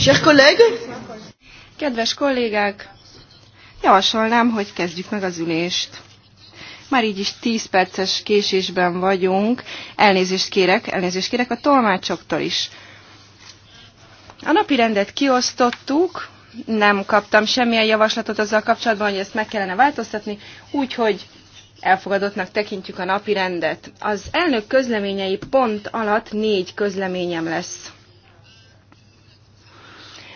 Chers collègues! Kedves kollégák! Javasolnám, hogy kezdjük meg az ülést. Már így is 10 perces késésben vagyunk. Elnézést kérek, elnézést kérek a tolmácsoktól is. A napi rendet kiosztottuk, nem kaptam semmilyen javaslatot azzal kapcsolatban, hogy ezt meg kellene változtatni, úgyhogy elfogadottnak tekintjük a napi rendet. Az elnök közleményei pont alatt négy közleményem lesz.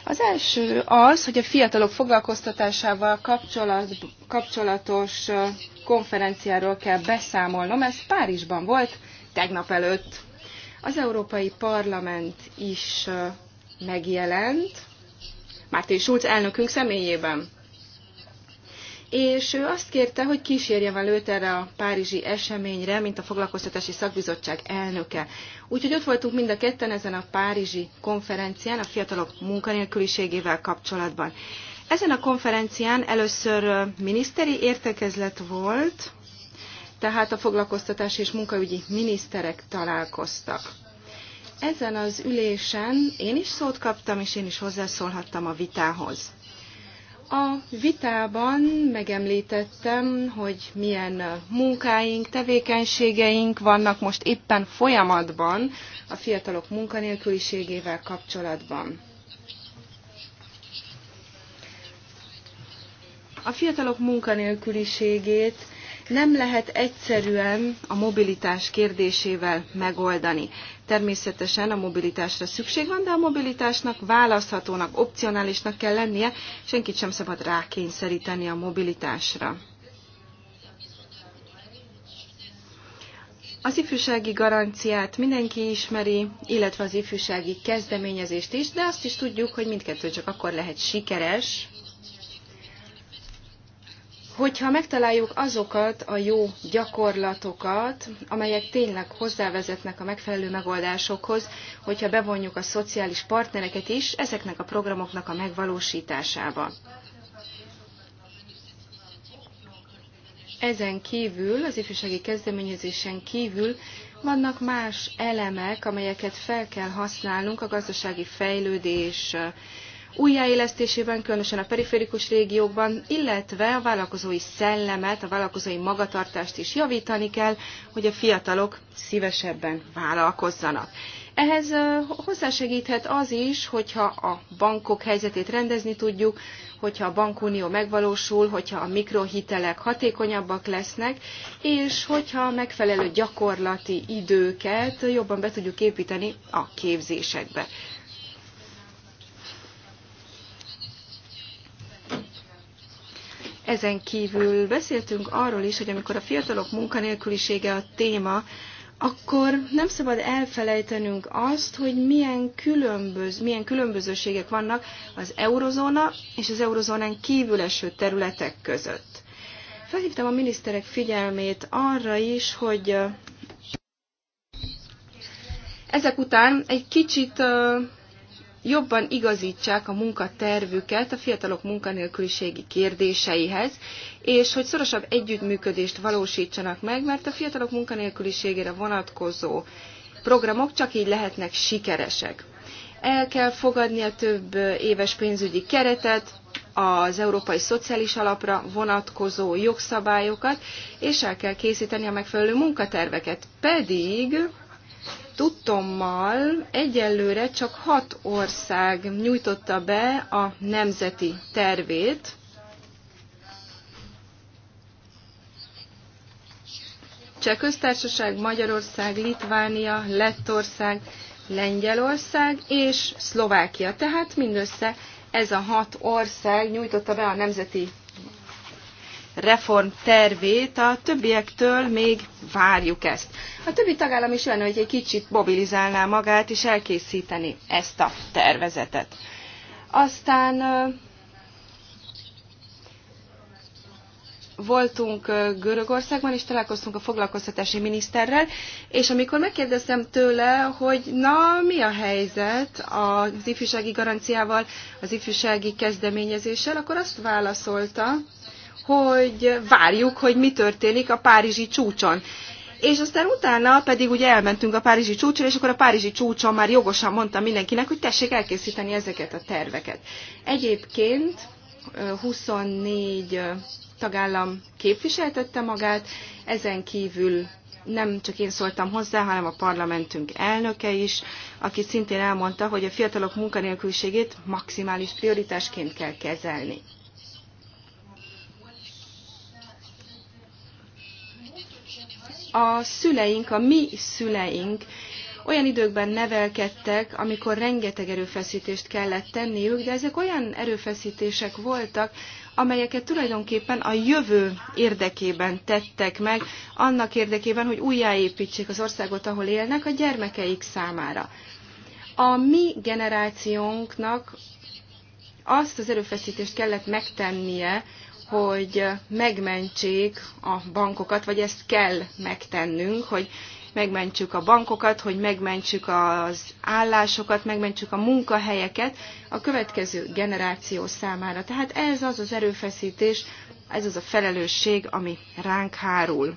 Az első az, hogy a fiatalok foglalkoztatásával kapcsolat, kapcsolatos konferenciáról kell beszámolnom. Ez Párizsban volt tegnap előtt. Az Európai Parlament is megjelent, Mártin Schulz elnökünk személyében és ő azt kérte, hogy kísérje vel őt erre a párizsi eseményre, mint a foglalkoztatási szakbizottság elnöke. Úgyhogy ott voltunk mind a ketten ezen a párizsi konferencián, a fiatalok munkanélküliségével kapcsolatban. Ezen a konferencián először miniszteri értekezlet volt, tehát a foglalkoztatás és munkaügyi miniszterek találkoztak. Ezen az ülésen én is szót kaptam, és én is hozzászólhattam a vitához. A vitában megemlítettem, hogy milyen munkáink, tevékenységeink vannak most éppen folyamatban a fiatalok munkanélküliségével kapcsolatban. A fiatalok munkanélküliségét nem lehet egyszerűen a mobilitás kérdésével megoldani. Természetesen a mobilitásra szükség van, de a mobilitásnak választhatónak, opcionálisnak kell lennie, senkit sem szabad rákényszeríteni a mobilitásra. Az ifjúsági garanciát mindenki ismeri, illetve az ifjúsági kezdeményezést is, de azt is tudjuk, hogy mindkettő csak akkor lehet sikeres, hogyha megtaláljuk azokat a jó gyakorlatokat, amelyek tényleg hozzávezetnek a megfelelő megoldásokhoz, hogyha bevonjuk a szociális partnereket is ezeknek a programoknak a megvalósításába. Ezen kívül, az ifjúsági kezdeményezésen kívül vannak más elemek, amelyeket fel kell használnunk a gazdasági fejlődés újjáélesztésében, különösen a periférikus régiókban, illetve a vállalkozói szellemet, a vállalkozói magatartást is javítani kell, hogy a fiatalok szívesebben vállalkozzanak. Ehhez hozzásegíthet az is, hogyha a bankok helyzetét rendezni tudjuk, hogyha a bankunió megvalósul, hogyha a mikrohitelek hatékonyabbak lesznek, és hogyha megfelelő gyakorlati időket jobban be tudjuk építeni a képzésekbe. Ezen kívül beszéltünk arról is, hogy amikor a fiatalok munkanélkülisége a téma, akkor nem szabad elfelejtenünk azt, hogy milyen, különböz, milyen különbözőségek vannak az eurozóna és az eurozónán kívül eső területek között. Felhívtam a miniszterek figyelmét arra is, hogy ezek után egy kicsit jobban igazítsák a munkatervüket a fiatalok munkanélküliségi kérdéseihez, és hogy szorosabb együttműködést valósítsanak meg, mert a fiatalok munkanélküliségére vonatkozó programok csak így lehetnek sikeresek. El kell fogadni a több éves pénzügyi keretet, az Európai Szociális Alapra vonatkozó jogszabályokat, és el kell készíteni a megfelelő munkaterveket. Pedig Tudtommal egyelőre csak hat ország nyújtotta be a nemzeti tervét, Cseh köztársaság, Magyarország, Litvánia, Lettország, Lengyelország és Szlovákia. Tehát mindössze ez a hat ország nyújtotta be a nemzeti reformtervét, a többiektől még várjuk ezt. A többi tagállam is olyan, hogy egy kicsit mobilizálná magát és elkészíteni ezt a tervezetet. Aztán voltunk Görögországban, és találkoztunk a foglalkoztatási miniszterrel, és amikor megkérdeztem tőle, hogy na, mi a helyzet az ifjúsági garanciával, az ifjúsági kezdeményezéssel, akkor azt válaszolta, hogy várjuk, hogy mi történik a Párizsi csúcson. És aztán utána pedig ugye elmentünk a Párizsi csúcsra, és akkor a Párizsi csúcson már jogosan mondtam mindenkinek, hogy tessék elkészíteni ezeket a terveket. Egyébként 24 tagállam képviseltette magát, ezen kívül nem csak én szóltam hozzá, hanem a parlamentünk elnöke is, aki szintén elmondta, hogy a fiatalok munkanélküliségét maximális prioritásként kell kezelni. a szüleink, a mi szüleink olyan időkben nevelkedtek, amikor rengeteg erőfeszítést kellett tenniük, de ezek olyan erőfeszítések voltak, amelyeket tulajdonképpen a jövő érdekében tettek meg, annak érdekében, hogy újjáépítsék az országot, ahol élnek, a gyermekeik számára. A mi generációnknak azt az erőfeszítést kellett megtennie, hogy megmentsék a bankokat, vagy ezt kell megtennünk, hogy megmentsük a bankokat, hogy megmentsük az állásokat, megmentsük a munkahelyeket a következő generáció számára. Tehát ez az az erőfeszítés, ez az a felelősség, ami ránk hárul.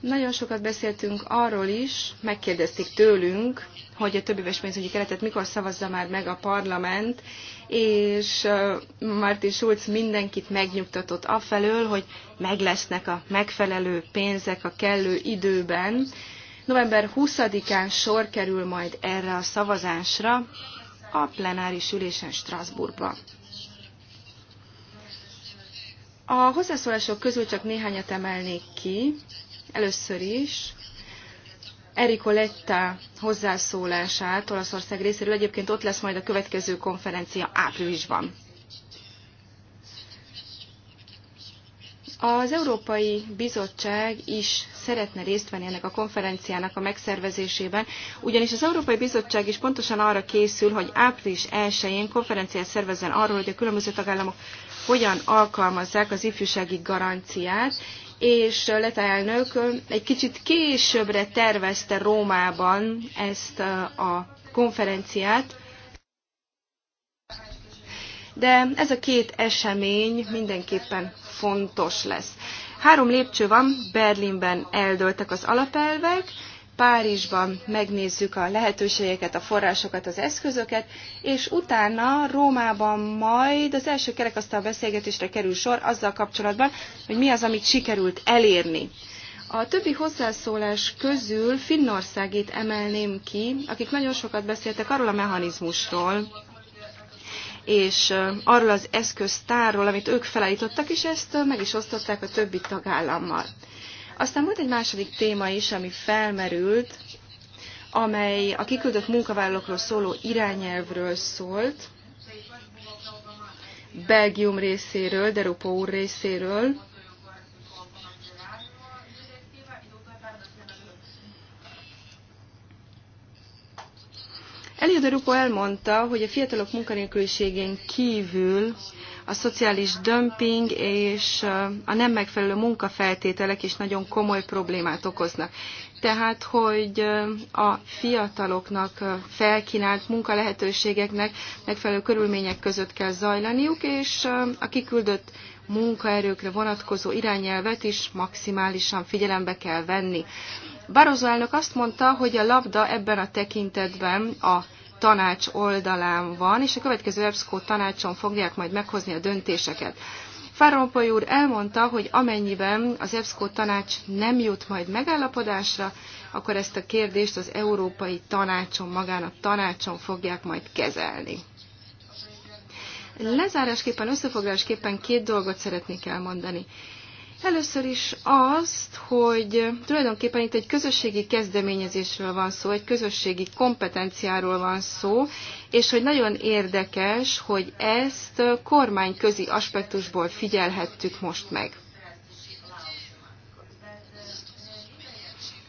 Nagyon sokat beszéltünk arról is, megkérdezték tőlünk, hogy a többéves pénzügyi keretet mikor szavazza már meg a parlament, és Martin Schulz mindenkit megnyugtatott afelől, hogy meg lesznek a megfelelő pénzek a kellő időben. November 20-án sor kerül majd erre a szavazásra a plenáris ülésen Strasbourgba. A hozzászólások közül csak néhányat emelnék ki. Először is Eriko Letta hozzászólását Olaszország részéről. Egyébként ott lesz majd a következő konferencia áprilisban. Az Európai Bizottság is szeretne részt venni ennek a konferenciának a megszervezésében, ugyanis az Európai Bizottság is pontosan arra készül, hogy április 1-én konferenciát szervezzen arról, hogy a különböző tagállamok hogyan alkalmazzák az ifjúsági garanciát, és Leta elnök egy kicsit későbbre tervezte Rómában ezt a konferenciát, de ez a két esemény mindenképpen fontos lesz. Három lépcső van, Berlinben eldöltek az alapelvek, Párizsban megnézzük a lehetőségeket, a forrásokat, az eszközöket, és utána Rómában majd az első kerekasztal beszélgetésre kerül sor azzal kapcsolatban, hogy mi az, amit sikerült elérni. A többi hozzászólás közül Finnországét emelném ki, akik nagyon sokat beszéltek arról a mechanizmusról, és arról az eszköztárról, amit ők felállítottak, és ezt meg is osztották a többi tagállammal. Aztán volt egy második téma is, ami felmerült, amely a kiküldött munkavállalókról szóló irányelvről szólt, Belgium részéről, Derupo úr részéről. Elio Derupo elmondta, hogy a fiatalok munkanélküliségén kívül a szociális dömping és a nem megfelelő munkafeltételek is nagyon komoly problémát okoznak. Tehát, hogy a fiataloknak felkínált munkalehetőségeknek megfelelő körülmények között kell zajlaniuk, és a kiküldött munkaerőkre vonatkozó irányelvet is maximálisan figyelembe kell venni. Barozó elnök azt mondta, hogy a labda ebben a tekintetben a tanács oldalán van, és a következő EBSCO tanácson fogják majd meghozni a döntéseket. Fáronpoly úr elmondta, hogy amennyiben az EBSCO tanács nem jut majd megállapodásra, akkor ezt a kérdést az Európai Tanácson, magán a tanácson fogják majd kezelni. Lezárásképpen, összefoglalásképpen két dolgot szeretnék elmondani. Először is azt, hogy tulajdonképpen itt egy közösségi kezdeményezésről van szó, egy közösségi kompetenciáról van szó, és hogy nagyon érdekes, hogy ezt kormányközi aspektusból figyelhettük most meg.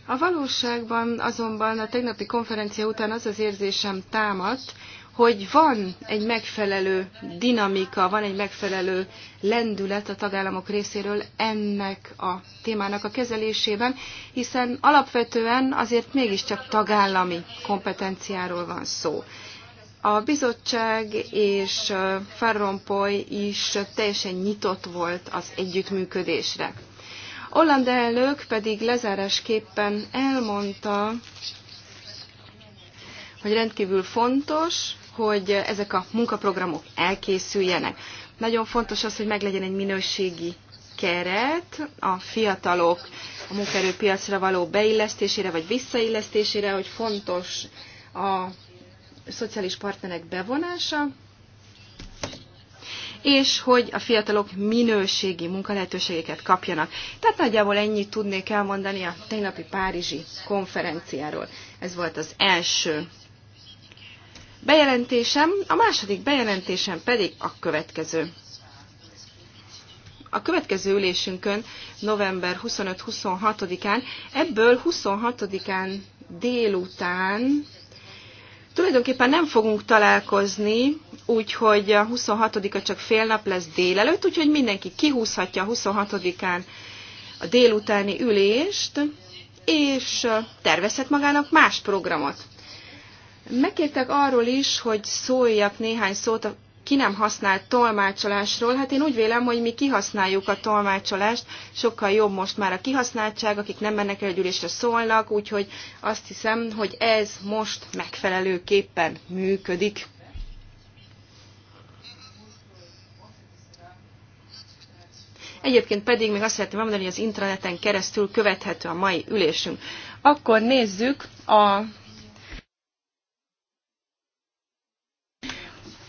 A valóságban azonban a tegnapi konferencia után az az érzésem támadt, hogy van egy megfelelő dinamika, van egy megfelelő lendület a tagállamok részéről ennek a témának a kezelésében, hiszen alapvetően azért mégiscsak tagállami kompetenciáról van szó. A bizottság és Farrompoy is teljesen nyitott volt az együttműködésre. Holland elnök pedig lezárásképpen elmondta, hogy rendkívül fontos, hogy ezek a munkaprogramok elkészüljenek. Nagyon fontos az, hogy meglegyen egy minőségi keret a fiatalok a munkaerőpiacra való beillesztésére vagy visszaillesztésére, hogy fontos a szociális partnerek bevonása, és hogy a fiatalok minőségi munkalehetőségeket kapjanak. Tehát nagyjából ennyit tudnék elmondani a tegnapi Párizsi konferenciáról. Ez volt az első bejelentésem, a második bejelentésem pedig a következő. A következő ülésünkön november 25-26-án, ebből 26-án délután tulajdonképpen nem fogunk találkozni, úgyhogy a 26-a csak fél nap lesz délelőtt, úgyhogy mindenki kihúzhatja a 26-án a délutáni ülést, és tervezhet magának más programot. Megkértek arról is, hogy szóljak néhány szót a ki nem használt tolmácsolásról. Hát én úgy vélem, hogy mi kihasználjuk a tolmácsolást, sokkal jobb most már a kihasználtság, akik nem mennek el a gyűlésre szólnak, úgyhogy azt hiszem, hogy ez most megfelelőképpen működik. Egyébként pedig még azt szeretném mondani, hogy az intraneten keresztül követhető a mai ülésünk. Akkor nézzük a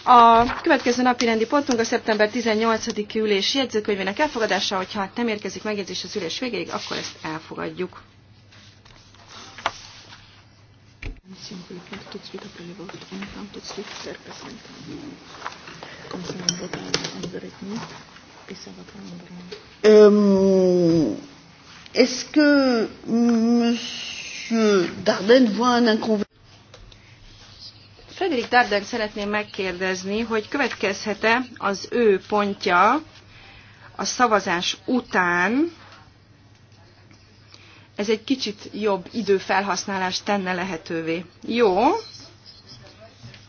A következő napi rendi pontunk a szeptember 18. ülés jegyzőkönyvének elfogadása, hogyha nem érkezik megjegyzés az ülés végéig, akkor ezt elfogadjuk. Um, Est-ce que Monsieur Dardenne voit un inconvénient Frederik Darden szeretném megkérdezni, hogy következhet-e az ő pontja a szavazás után, ez egy kicsit jobb időfelhasználást tenne lehetővé. Jó,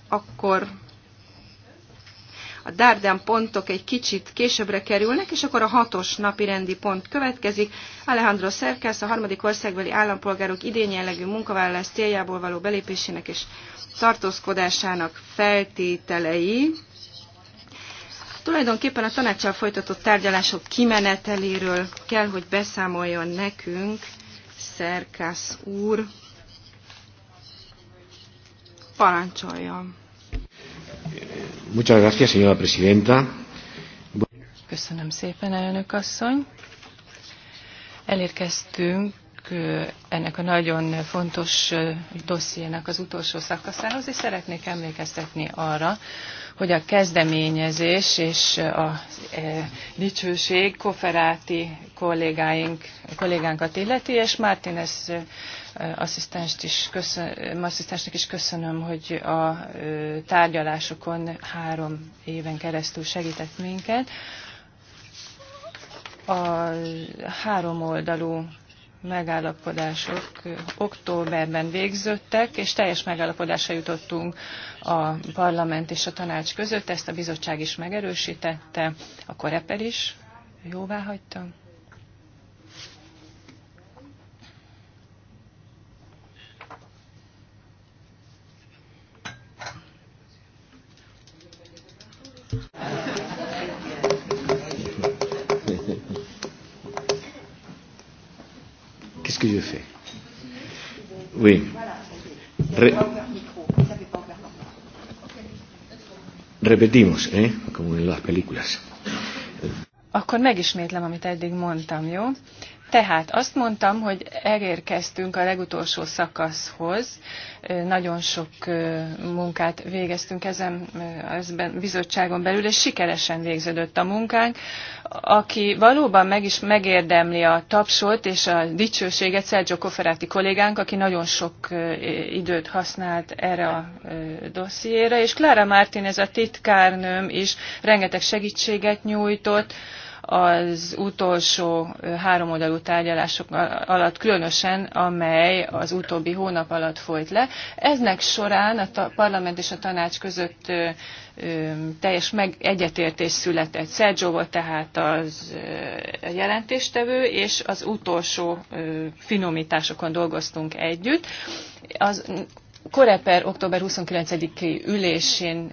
akkor a Darden pontok egy kicsit későbbre kerülnek, és akkor a hatos napi rendi pont következik. Alejandro Szerkesz, a harmadik országbeli állampolgárok idén munkavállalás céljából való belépésének és tartózkodásának feltételei. Tulajdonképpen a tanácssal folytatott tárgyalások kimeneteléről kell, hogy beszámoljon nekünk Szerkász úr. Parancsoljon! Muchas gracias, señora presidenta. Köszönöm szépen, elnök asszony. Elérkeztünk ennek a nagyon fontos dossziénak az utolsó szakaszához, és szeretnék emlékeztetni arra, hogy a kezdeményezés és a e, dicsőség koferáti kollégáink, kollégánkat illeti, és Mártinez asszisztenst is köszön, asszisztensnek is köszönöm, hogy a tárgyalásokon három éven keresztül segített minket. A három oldalú megállapodások októberben végződtek, és teljes megállapodásra jutottunk a parlament és a tanács között. Ezt a bizottság is megerősítette, a Koreper is jóvá hagyta. ce que je fais Oui. Re Repetimos, eh? Como en las películas. Akkor megismétlem, amit eddig mondtam, jó? Tehát azt mondtam, hogy elérkeztünk a legutolsó szakaszhoz, nagyon sok munkát végeztünk ezen ezben bizottságon belül, és sikeresen végződött a munkánk. Aki valóban meg is megérdemli a tapsot és a dicsőséget, Sergio Koferáti kollégánk, aki nagyon sok időt használt erre a dossziéra, és Clara Martin, ez a titkárnőm is rengeteg segítséget nyújtott, az utolsó háromoldalú tárgyalások alatt különösen, amely az utóbbi hónap alatt folyt le. Eznek során a parlament és a tanács között teljes meg egyetértés született. Sergio volt tehát az jelentéstevő, és az utolsó finomításokon dolgoztunk együtt. Az Koreper október 29-i ülésén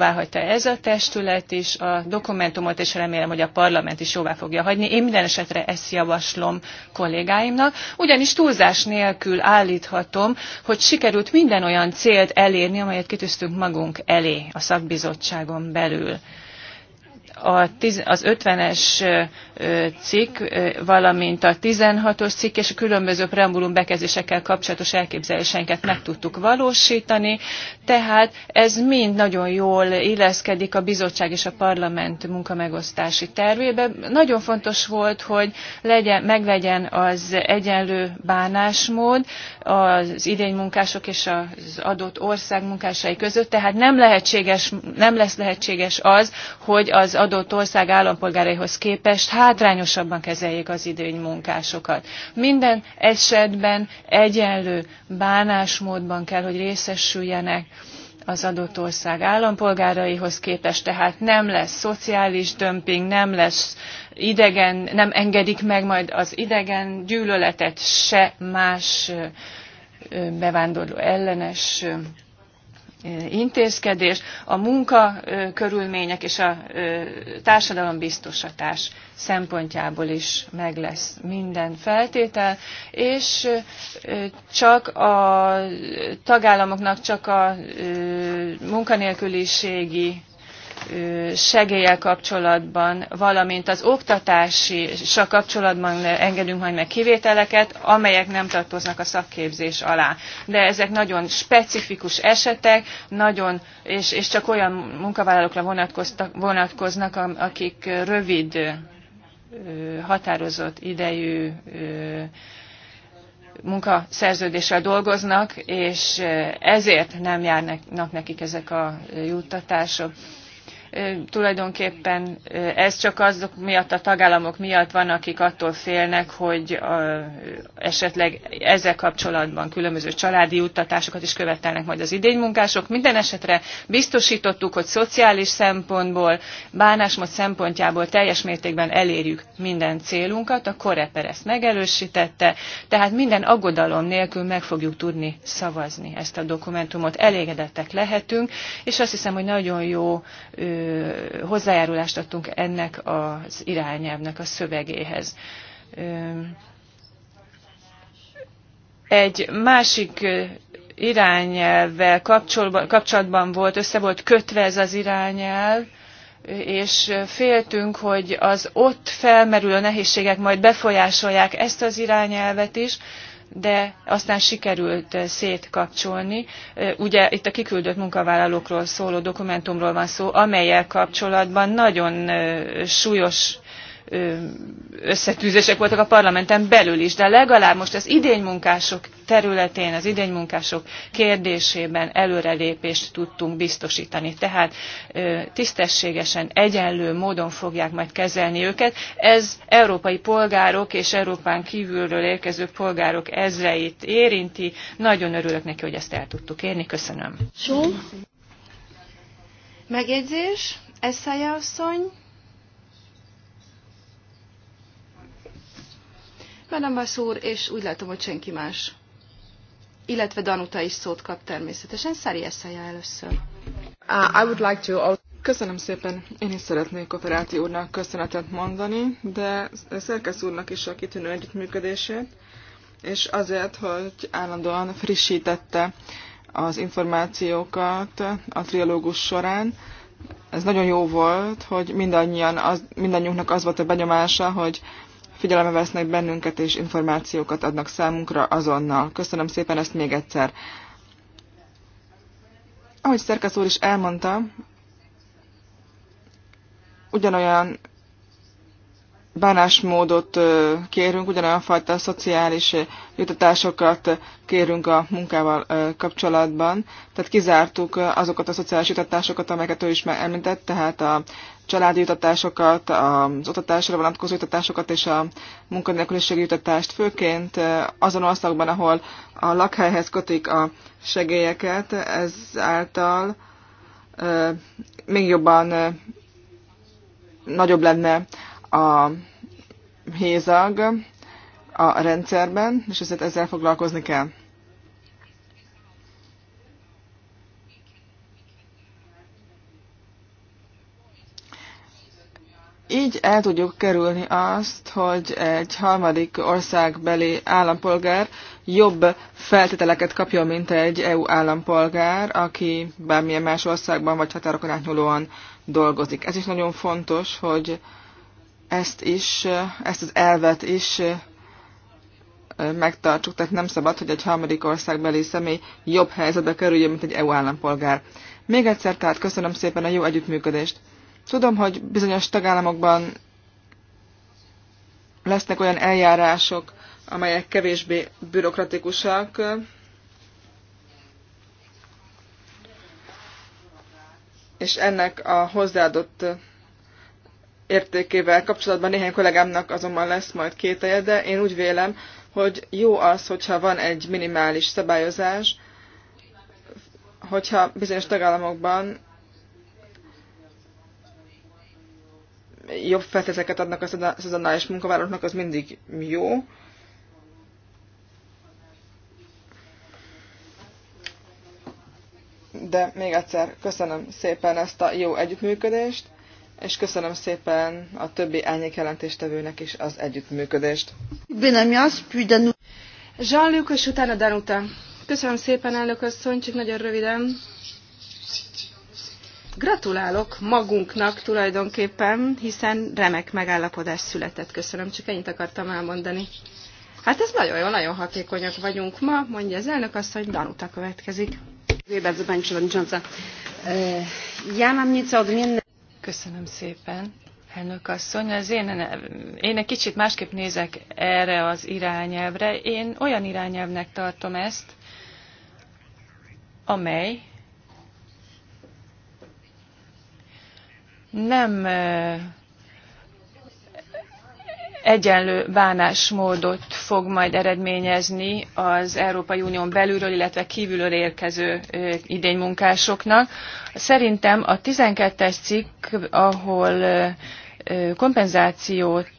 hagyta ez a testület is a dokumentumot, és remélem, hogy a parlament is jóvá fogja hagyni. Én minden esetre ezt javaslom kollégáimnak, ugyanis túlzás nélkül állíthatom, hogy sikerült minden olyan célt elérni, amelyet kitűztünk magunk elé a szakbizottságon belül az 50-es cikk, valamint a 16-os cikk és a különböző preambulum bekezésekkel kapcsolatos elképzeléseinket meg tudtuk valósítani, tehát ez mind nagyon jól illeszkedik a bizottság és a parlament munkamegosztási tervébe. Nagyon fontos volt, hogy legyen, meglegyen az egyenlő bánásmód az idénymunkások és az adott ország munkásai között, tehát nem, lehetséges, nem lesz lehetséges az, hogy az adott ország állampolgáraihoz képest hátrányosabban kezeljék az idény munkásokat. Minden esetben egyenlő bánásmódban kell, hogy részesüljenek az adott ország állampolgáraihoz képest, tehát nem lesz szociális dömping, nem lesz idegen, nem engedik meg majd az idegen gyűlöletet se más bevándorló ellenes intézkedés a munkakörülmények és a társadalombiztosatás szempontjából is meg lesz minden feltétel, és csak a tagállamoknak csak a munkanélküliségi segéllyel kapcsolatban, valamint az oktatással kapcsolatban engedünk majd meg kivételeket, amelyek nem tartoznak a szakképzés alá. De ezek nagyon specifikus esetek, nagyon, és, és csak olyan munkavállalókra vonatkoznak, akik rövid, határozott idejű munkaszerződéssel dolgoznak, és ezért nem járnak nekik ezek a juttatások tulajdonképpen ez csak azok miatt, a tagállamok miatt van, akik attól félnek, hogy a, esetleg ezzel kapcsolatban különböző családi juttatásokat is követelnek majd az idénymunkások. Minden esetre biztosítottuk, hogy szociális szempontból, bánásmód szempontjából teljes mértékben elérjük minden célunkat, a Koreper ezt megerősítette, tehát minden aggodalom nélkül meg fogjuk tudni szavazni ezt a dokumentumot. Elégedettek lehetünk, és azt hiszem, hogy nagyon jó hozzájárulást adtunk ennek az irányelvnek a szövegéhez. Egy másik irányelvvel kapcsolatban volt, össze volt kötve ez az irányelv, és féltünk, hogy az ott felmerülő nehézségek majd befolyásolják ezt az irányelvet is, de aztán sikerült eh, szétkapcsolni. Eh, ugye itt a kiküldött munkavállalókról szóló dokumentumról van szó, amelyel kapcsolatban nagyon eh, súlyos összetűzések voltak a parlamenten belül is, de legalább most az idénymunkások területén, az idénymunkások kérdésében előrelépést tudtunk biztosítani. Tehát tisztességesen, egyenlő módon fogják majd kezelni őket. Ez európai polgárok és Európán kívülről érkező polgárok ezreit érinti. Nagyon örülök neki, hogy ezt el tudtuk érni. Köszönöm. Megjegyzés? Eszája asszony? Menembász úr, és úgy látom, hogy senki más. Illetve Danuta is szót kap természetesen. Szári Eszelje először. Uh, I would like to... Köszönöm szépen. Én is szeretnék Operáti úrnak köszönetet mondani, de Szerkesz úrnak is a kitűnő együttműködését, és azért, hogy állandóan frissítette az információkat a triológus során. Ez nagyon jó volt, hogy mindannyian, az, mindannyiunknak az volt a benyomása, hogy figyelembe vesznek bennünket, és információkat adnak számunkra azonnal. Köszönöm szépen ezt még egyszer. Ahogy Szerkesz úr is elmondta, ugyanolyan bánásmódot kérünk, ugyanolyan fajta szociális jutatásokat kérünk a munkával kapcsolatban. Tehát kizártuk azokat a szociális jutatásokat, amelyeket ő is már említett, tehát a családi jutatásokat, az oktatásra vonatkozó jutatásokat és a munkanélküliségi jutatást, főként azon országban, ahol a lakhelyhez kötik a segélyeket, ezáltal még jobban nagyobb lenne a hézag a rendszerben, és ezért ezzel foglalkozni kell. Így el tudjuk kerülni azt, hogy egy harmadik országbeli állampolgár jobb feltételeket kapjon, mint egy EU állampolgár, aki bármilyen más országban vagy határokon átnyúlóan dolgozik. Ez is nagyon fontos, hogy ezt is, ezt az elvet is megtartsuk, tehát nem szabad, hogy egy harmadik országbeli személy jobb helyzetbe kerüljön, mint egy EU állampolgár. Még egyszer tehát köszönöm szépen a jó együttműködést! Tudom, hogy bizonyos tagállamokban lesznek olyan eljárások, amelyek kevésbé bürokratikusak. És ennek a hozzáadott értékével kapcsolatban néhány kollégámnak azonban lesz majd kételje, de én úgy vélem, hogy jó az, hogyha van egy minimális szabályozás, hogyha bizonyos tagállamokban jobb feltételeket adnak a szezonális munkavállalóknak, az mindig jó. De még egyszer köszönöm szépen ezt a jó együttműködést, és köszönöm szépen a többi elnyék jelentéstevőnek is az együttműködést. Jean-Luc, és utána Danuta. Köszönöm szépen, elnök asszony, csak nagyon röviden Gratulálok magunknak tulajdonképpen, hiszen remek megállapodás született. Köszönöm, csak ennyit akartam elmondani. Hát ez nagyon jó, nagyon hatékonyak vagyunk ma, mondja az elnök azt, hogy Danuta következik. E, Köszönöm szépen. Elnök asszony, az én, én egy kicsit másképp nézek erre az irányelvre. Én olyan irányelvnek tartom ezt, amely nem egyenlő bánásmódot fog majd eredményezni az Európai Unión belülről, illetve kívülről érkező idénymunkásoknak. Szerintem a 12-es cikk, ahol kompenzációt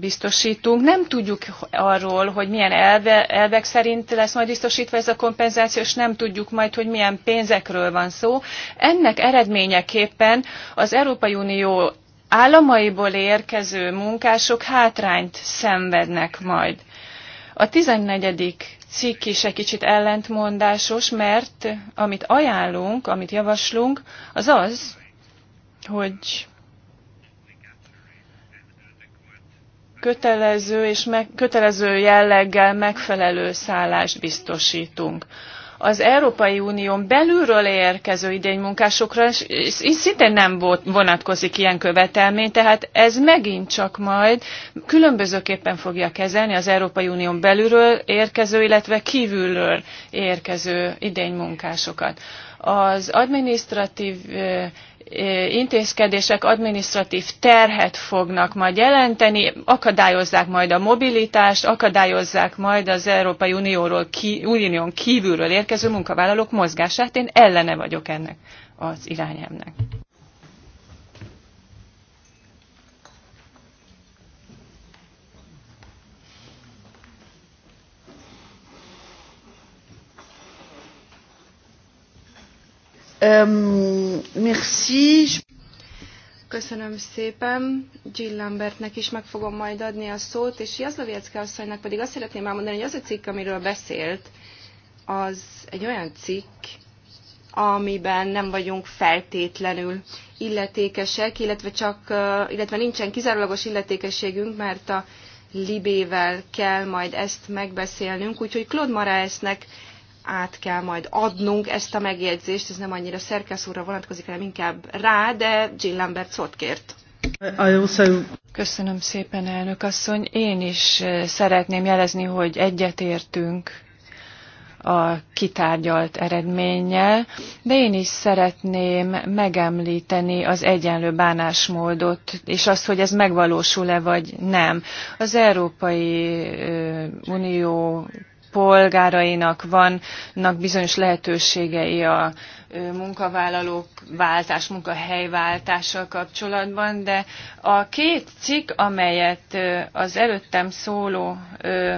biztosítunk. Nem tudjuk arról, hogy milyen elve, elvek szerint lesz majd biztosítva ez a kompenzáció, és nem tudjuk majd, hogy milyen pénzekről van szó. Ennek eredményeképpen az Európai Unió államaiból érkező munkások hátrányt szenvednek majd. A 14. cikk is egy kicsit ellentmondásos, mert amit ajánlunk, amit javaslunk, az az, hogy kötelező és meg, kötelező jelleggel megfelelő szállást biztosítunk. Az Európai Unión belülről érkező idénymunkásokra szintén nem vonatkozik ilyen követelmény, tehát ez megint csak majd különbözőképpen fogja kezelni az Európai Unión belülről érkező, illetve kívülről érkező idénymunkásokat. Az administratív eh, intézkedések adminisztratív terhet fognak majd jelenteni, akadályozzák majd a mobilitást, akadályozzák majd az Európai Unióról Unión kívülről érkező munkavállalók mozgását. Én ellene vagyok ennek az irányelvnek. merci. Köszönöm szépen. Jill Lambertnek is meg fogom majd adni a szót, és Jazloviecka asszonynak pedig azt szeretném elmondani, hogy az a cikk, amiről beszélt, az egy olyan cikk, amiben nem vagyunk feltétlenül illetékesek, illetve, csak, illetve nincsen kizárólagos illetékességünk, mert a Libével kell majd ezt megbeszélnünk, úgyhogy Claude Maraesnek át kell majd adnunk ezt a megjegyzést, ez nem annyira Szerkesz vonatkozik, hanem inkább rá, de Jill Lambert szót kért. Köszönöm szépen, elnök asszony. Én is eh, szeretném jelezni, hogy egyetértünk a kitárgyalt eredménnyel, de én is szeretném megemlíteni az egyenlő bánásmódot, és azt, hogy ez megvalósul-e vagy nem. Az Európai eh, Unió polgárainak vannak bizonyos lehetőségei a munkavállalók váltás, munkahelyváltással kapcsolatban, de a két cikk, amelyet az előttem szóló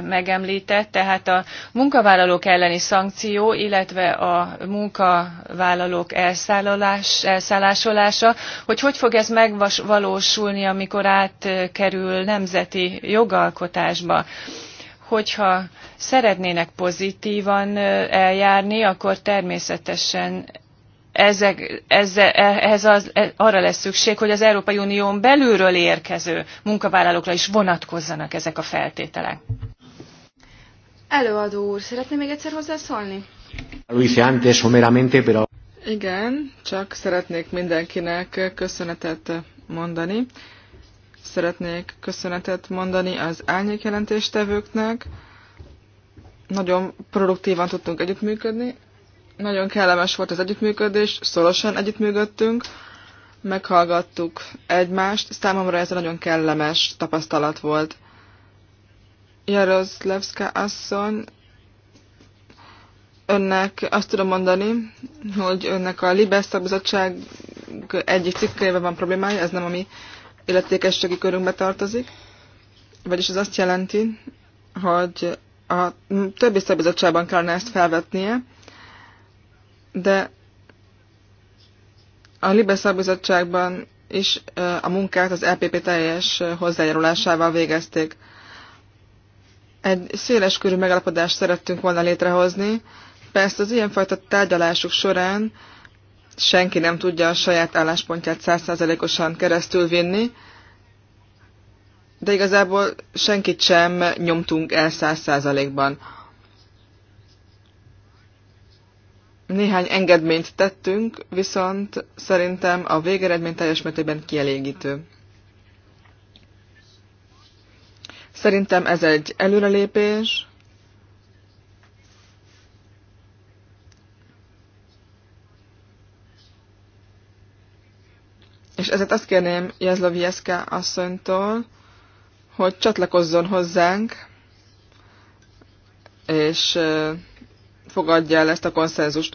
megemlített, tehát a munkavállalók elleni szankció, illetve a munkavállalók elszállás, elszállásolása, hogy hogy fog ez megvalósulni, amikor átkerül nemzeti jogalkotásba hogyha szeretnének pozitívan eljárni, akkor természetesen ezek, ezzel, eh, ez az, eh, arra lesz szükség, hogy az Európai Unión belülről érkező munkavállalókra is vonatkozzanak ezek a feltételek. Előadó úr, szeretné még egyszer hozzászólni? antes pero... Igen, csak szeretnék mindenkinek köszönetet mondani szeretnék köszönetet mondani az árnyék jelentéstevőknek. Nagyon produktívan tudtunk együttműködni. Nagyon kellemes volt az együttműködés, szorosan együttműködtünk, meghallgattuk egymást. Számomra ez nagyon kellemes tapasztalat volt. Jaroszlevszka asszony, önnek azt tudom mondani, hogy önnek a Libes egyik cikkeiben van problémája, ez nem a mi illetékességi körünkbe tartozik, vagyis ez azt jelenti, hogy a többi szabizottságban kellene ezt felvetnie, de a Libe szabizottságban is a munkát az LPP teljes hozzájárulásával végezték. Egy széles körű megalapodást szerettünk volna létrehozni, persze az ilyenfajta tárgyalások során senki nem tudja a saját álláspontját százszázalékosan vinni, de igazából senkit sem nyomtunk el száz százalékban. Néhány engedményt tettünk, viszont szerintem a végeredmény teljes mértékben kielégítő. Szerintem ez egy előrelépés, És ezért azt kérném Jezlovjeszka asszonytól, hogy csatlakozzon hozzánk, és fogadja el ezt a konszenzust.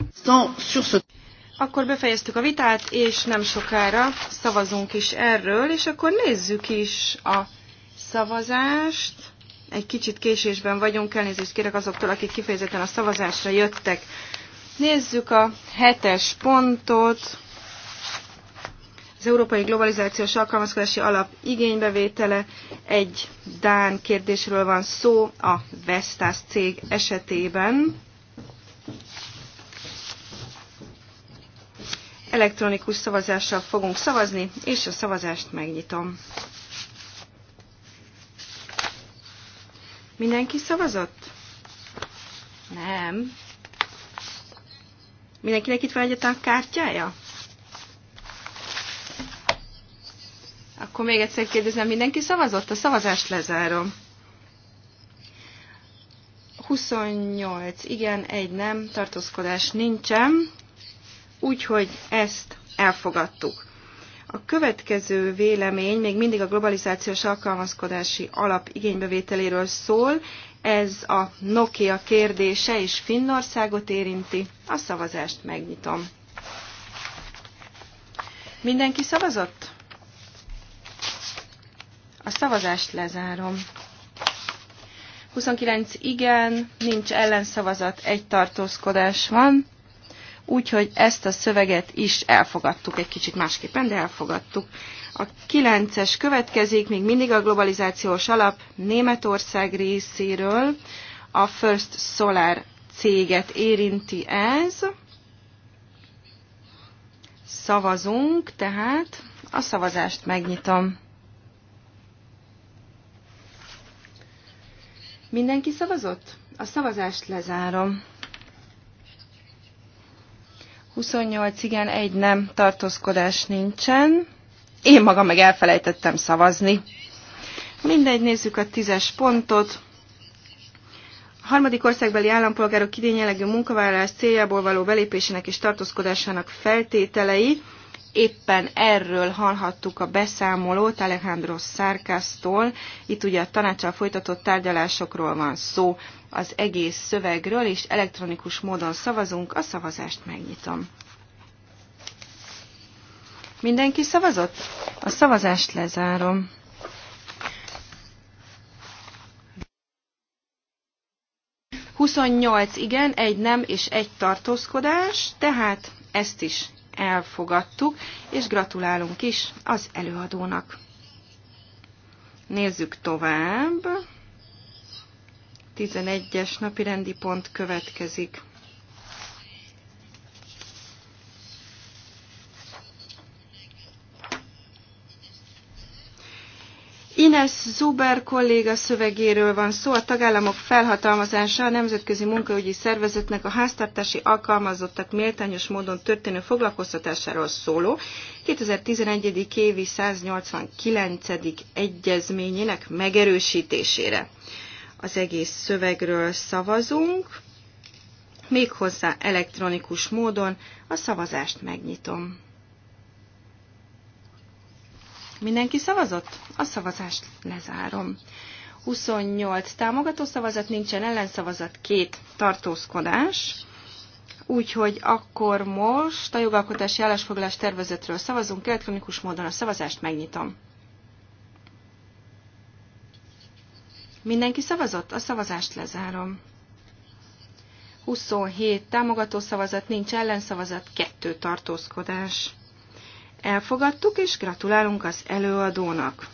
Akkor befejeztük a vitát, és nem sokára szavazunk is erről, és akkor nézzük is a szavazást. Egy kicsit késésben vagyunk, elnézést kérek azoktól, akik kifejezetten a szavazásra jöttek. Nézzük a hetes pontot az Európai Globalizációs Alkalmazkodási Alap igénybevétele. Egy Dán kérdésről van szó a Vestas cég esetében. Elektronikus szavazással fogunk szavazni, és a szavazást megnyitom. Mindenki szavazott? Nem. Mindenkinek itt van egyetlen kártyája? Akkor még egyszer kérdezem, mindenki szavazott? A szavazást lezárom. 28, igen, egy nem, tartózkodás nincsen, úgyhogy ezt elfogadtuk. A következő vélemény még mindig a globalizációs alkalmazkodási alap igénybevételéről szól, ez a Nokia kérdése és Finnországot érinti. A szavazást megnyitom. Mindenki szavazott? A szavazást lezárom. 29 igen, nincs ellenszavazat, egy tartózkodás van. Úgyhogy ezt a szöveget is elfogadtuk, egy kicsit másképpen, de elfogadtuk. A 9-es következik, még mindig a globalizációs alap Németország részéről. A First Solar céget érinti ez. Szavazunk, tehát a szavazást megnyitom. Mindenki szavazott? A szavazást lezárom. 28 igen, egy nem, tartózkodás nincsen. Én magam meg elfelejtettem szavazni. Mindegy, nézzük a tízes pontot. A harmadik országbeli állampolgárok idényelegű munkavállalás céljából való belépésének és tartózkodásának feltételei éppen erről hallhattuk a beszámolót Alejandro Szárkásztól. Itt ugye a tanácsal folytatott tárgyalásokról van szó az egész szövegről, és elektronikus módon szavazunk. A szavazást megnyitom. Mindenki szavazott? A szavazást lezárom. Huszonnyolc igen, egy nem és egy tartózkodás, tehát ezt is elfogadtuk, és gratulálunk is az előadónak. Nézzük tovább. 11-es napi rendi pont következik. Ines Zuber kolléga szövegéről van szó, a tagállamok felhatalmazása a Nemzetközi Munkaügyi Szervezetnek a háztartási alkalmazottak méltányos módon történő foglalkoztatásáról szóló 2011. évi 189. egyezményének megerősítésére. Az egész szövegről szavazunk, méghozzá elektronikus módon a szavazást megnyitom. Mindenki szavazott? A szavazást lezárom. 28 támogató szavazat nincsen, ellenszavazat két tartózkodás. Úgyhogy akkor most a jogalkotási állásfoglalás tervezetről szavazunk elektronikus módon. A szavazást megnyitom. Mindenki szavazott? A szavazást lezárom. 27 támogató szavazat, nincs ellenszavazat, 2 tartózkodás. Elfogadtuk, és gratulálunk az előadónak.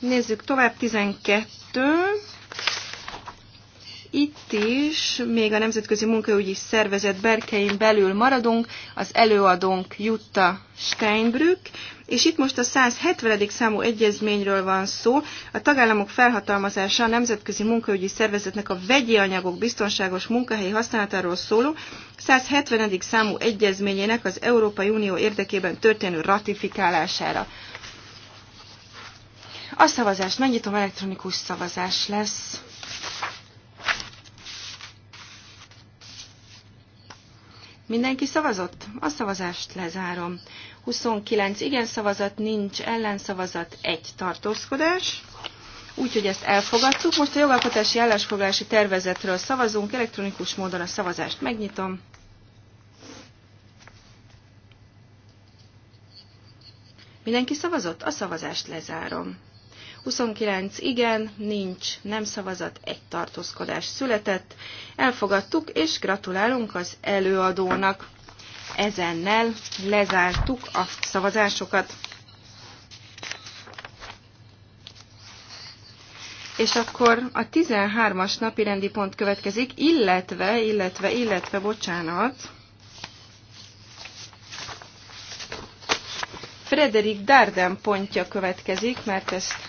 Nézzük tovább, 12. Itt is még a Nemzetközi Munkaügyi Szervezet berkein belül maradunk, az előadónk Jutta Steinbrück, és itt most a 170. számú egyezményről van szó, a tagállamok felhatalmazása a Nemzetközi Munkaügyi Szervezetnek a vegyi anyagok biztonságos munkahelyi használatáról szóló 170. számú egyezményének az Európai Unió érdekében történő ratifikálására. A szavazást megnyitom, elektronikus szavazás lesz. Mindenki szavazott? A szavazást lezárom. 29 igen szavazat, nincs ellenszavazat, egy tartózkodás. Úgyhogy ezt elfogadtuk. Most a jogalkotási állásfoglalási tervezetről szavazunk. Elektronikus módon a szavazást megnyitom. Mindenki szavazott? A szavazást lezárom. 29 igen, nincs nem szavazat, egy tartózkodás született. Elfogadtuk, és gratulálunk az előadónak. Ezennel lezártuk a szavazásokat. És akkor a 13-as napi rendi pont következik, illetve, illetve, illetve, bocsánat, Frederik Darden pontja következik, mert ezt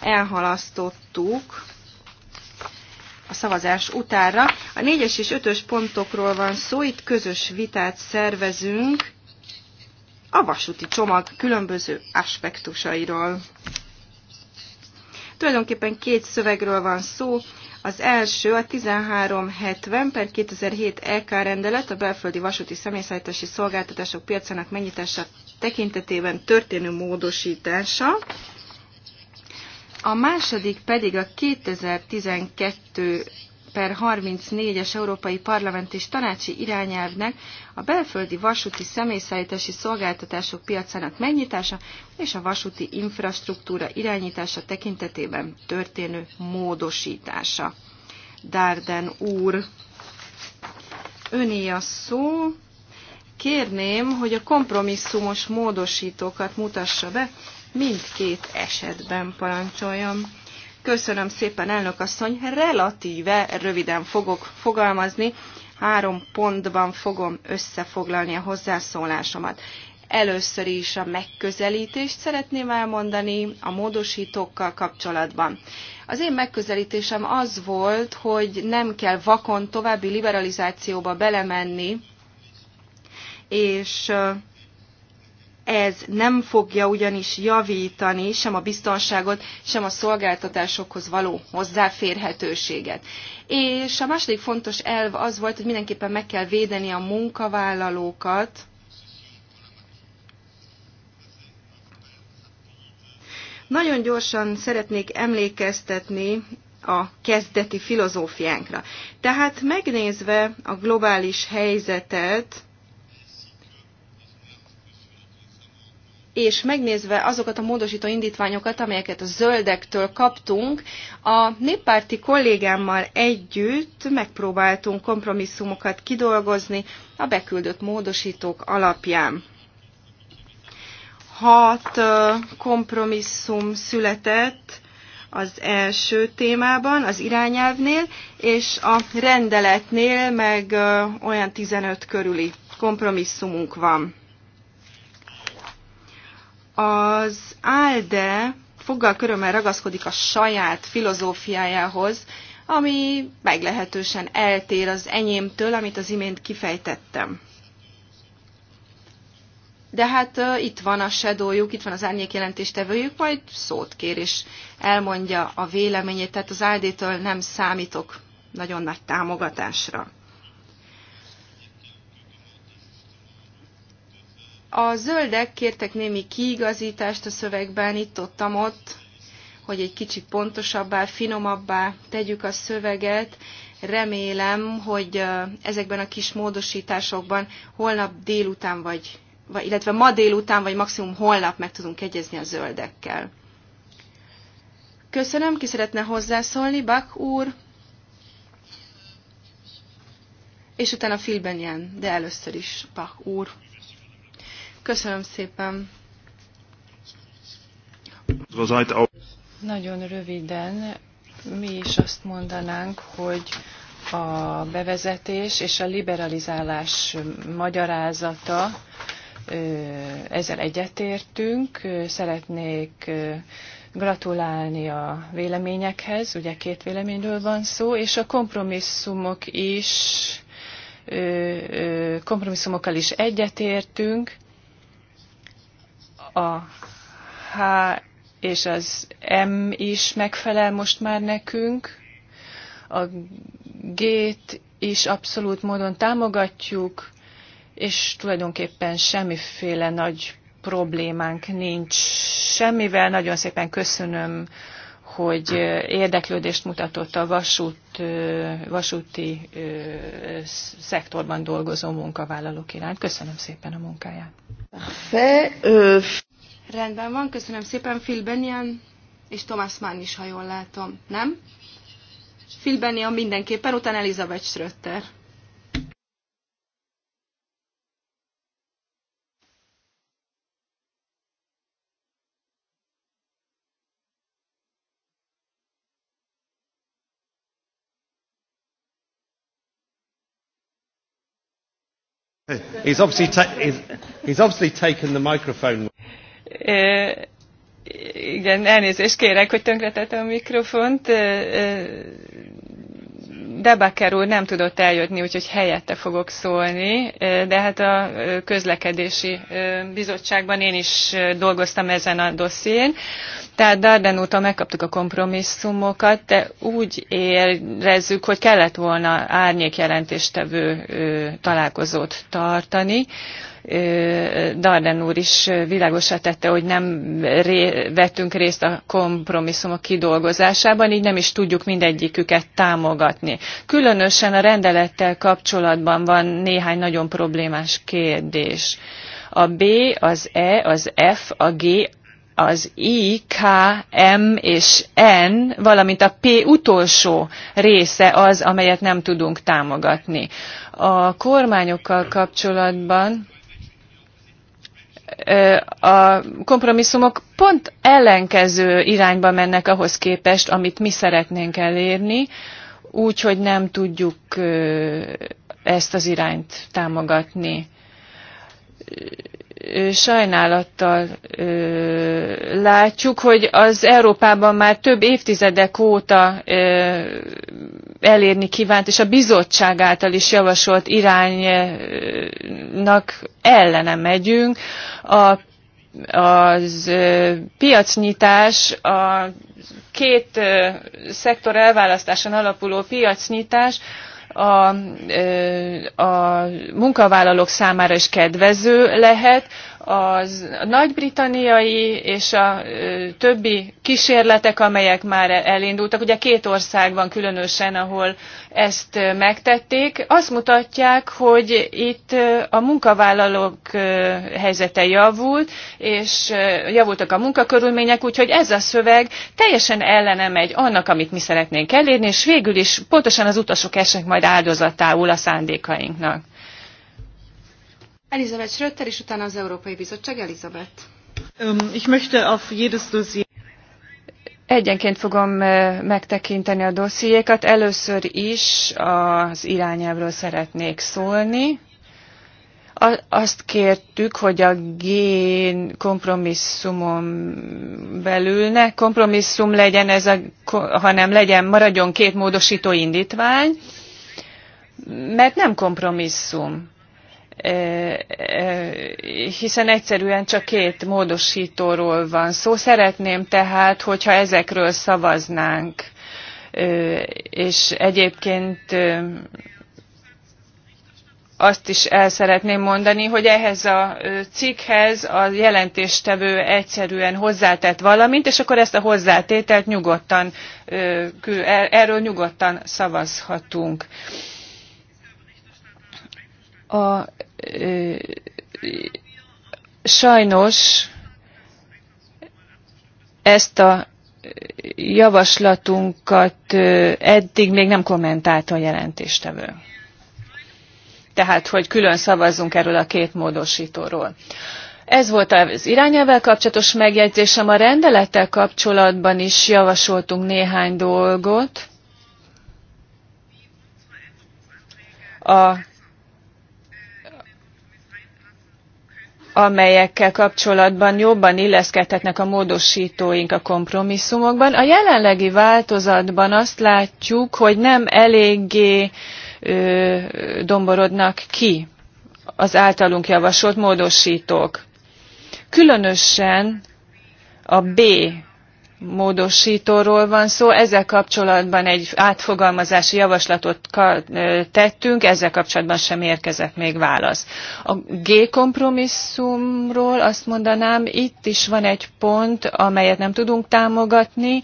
elhalasztottuk a szavazás utára. A 4-es és 5-ös pontokról van szó, itt közös vitát szervezünk a vasúti csomag különböző aspektusairól. Tulajdonképpen két szövegről van szó. Az első a 1370 per 2007 EK rendelet a belföldi vasúti személyszállítási szolgáltatások piacának mennyitása tekintetében történő módosítása. A második pedig a 2012 per 34-es Európai Parlament és Tanácsi irányelvnek a belföldi vasúti személyszállítási szolgáltatások piacának megnyitása és a vasúti infrastruktúra irányítása tekintetében történő módosítása. Dárden úr, öné a szó. Kérném, hogy a kompromisszumos módosítókat mutassa be, mindkét esetben parancsoljon. Köszönöm szépen, elnök asszony. Relatíve röviden fogok fogalmazni, három pontban fogom összefoglalni a hozzászólásomat. Először is a megközelítést szeretném elmondani a módosítókkal kapcsolatban. Az én megközelítésem az volt, hogy nem kell vakon további liberalizációba belemenni, és ez nem fogja ugyanis javítani sem a biztonságot, sem a szolgáltatásokhoz való hozzáférhetőséget. És a második fontos elv az volt, hogy mindenképpen meg kell védeni a munkavállalókat, Nagyon gyorsan szeretnék emlékeztetni a kezdeti filozófiánkra. Tehát megnézve a globális helyzetet, és megnézve azokat a módosító indítványokat, amelyeket a zöldektől kaptunk, a néppárti kollégámmal együtt megpróbáltunk kompromisszumokat kidolgozni a beküldött módosítók alapján. Hat kompromisszum született, az első témában, az irányelvnél, és a rendeletnél meg olyan 15 körüli kompromisszumunk van. Az álde foggal körömmel ragaszkodik a saját filozófiájához, ami meglehetősen eltér az enyémtől, amit az imént kifejtettem. De hát uh, itt van a shadowjuk, itt van az árnyék jelentéstevőjük, majd szót kér és elmondja a véleményét, tehát az áldétől nem számítok nagyon nagy támogatásra. A zöldek kértek némi kiigazítást a szövegben, itt ott, ott hogy egy kicsit pontosabbá, finomabbá tegyük a szöveget. Remélem, hogy ezekben a kis módosításokban holnap délután vagy, vagy illetve ma délután, vagy maximum holnap meg tudunk egyezni a zöldekkel. Köszönöm, ki szeretne hozzászólni, Bak úr? És utána jön, de először is Bak úr. Köszönöm szépen. Nagyon röviden, mi is azt mondanánk, hogy a bevezetés és a liberalizálás magyarázata, ezzel egyetértünk. Szeretnék gratulálni a véleményekhez, ugye két véleményről van szó, és a kompromisszumok is, kompromisszumokkal is egyetértünk a H és az M is megfelel most már nekünk. A G-t is abszolút módon támogatjuk, és tulajdonképpen semmiféle nagy problémánk nincs semmivel. Nagyon szépen köszönöm, hogy érdeklődést mutatott a vasút, vasúti szektorban dolgozó munkavállalók iránt. Köszönöm szépen a munkáját. Euh, Rendben van, köszönöm szépen Phil Benyan, és Thomas Mann is, ha jól látom, nem? Phil Benyan mindenképpen, utána Elizabeth Schröter. He's obviously, ta- he's, he's obviously taken the microphone igen, elnézést kérek, hogy tönkretettem a mikrofont. Debaker úr nem tudott eljönni, úgyhogy helyette fogok szólni, de hát a közlekedési bizottságban én is dolgoztam ezen a dosszén. Tehát Darden úton megkaptuk a kompromisszumokat, de úgy érezzük, hogy kellett volna árnyékjelentéstevő találkozót tartani Darden úr is világosra tette, hogy nem ré, vettünk részt a kompromisszumok kidolgozásában, így nem is tudjuk mindegyiküket támogatni. Különösen a rendelettel kapcsolatban van néhány nagyon problémás kérdés. A B, az E, az F, a G, az I, K, M és N, valamint a P utolsó része az, amelyet nem tudunk támogatni. A kormányokkal kapcsolatban a kompromisszumok pont ellenkező irányba mennek ahhoz képest, amit mi szeretnénk elérni, úgyhogy nem tudjuk ezt az irányt támogatni sajnálattal ö, látjuk, hogy az Európában már több évtizedek óta ö, elérni kívánt, és a bizottság által is javasolt iránynak ellene megyünk. A az piacnyitás, a két szektor elválasztáson alapuló piacnyitás a, a munkavállalók számára is kedvező lehet, az nagy-britanniai és a többi kísérletek, amelyek már elindultak, ugye két országban különösen, ahol ezt megtették, azt mutatják, hogy itt a munkavállalók helyzete javult, és javultak a munkakörülmények, úgyhogy ez a szöveg teljesen ellene megy annak, amit mi szeretnénk elérni, és végül is pontosan az utasok esnek majd áldozatául a szándékainknak. Elizabeth Schröter, és utána az Európai Bizottság. Elizabeth. Ich möchte auf jedes Dossier Egyenként fogom megtekinteni a dossziékat. Először is az irányelvről szeretnék szólni. Azt kértük, hogy a gén kompromisszumon belül ne kompromisszum legyen, ez a, hanem legyen, maradjon két módosító indítvány, mert nem kompromisszum hiszen egyszerűen csak két módosítóról van szó. Szeretném tehát, hogyha ezekről szavaznánk, és egyébként azt is el szeretném mondani, hogy ehhez a cikkhez a jelentéstevő egyszerűen hozzátett valamint, és akkor ezt a hozzátételt nyugodtan, er, erről nyugodtan szavazhatunk. A sajnos ezt a javaslatunkat eddig még nem kommentálta a jelentéstevő. Tehát, hogy külön szavazzunk erről a két módosítóról. Ez volt az irányelvvel kapcsolatos megjegyzésem. A rendelettel kapcsolatban is javasoltunk néhány dolgot. A amelyekkel kapcsolatban jobban illeszkedhetnek a módostóink a kompromisszumokban. A jelenlegi változatban azt látjuk, hogy nem eléggé ö, domborodnak ki az általunk javasolt módosítók. Különösen a B módosítóról van szó. Ezzel kapcsolatban egy átfogalmazási javaslatot tettünk, ezzel kapcsolatban sem érkezett még válasz. A G kompromisszumról azt mondanám, itt is van egy pont, amelyet nem tudunk támogatni,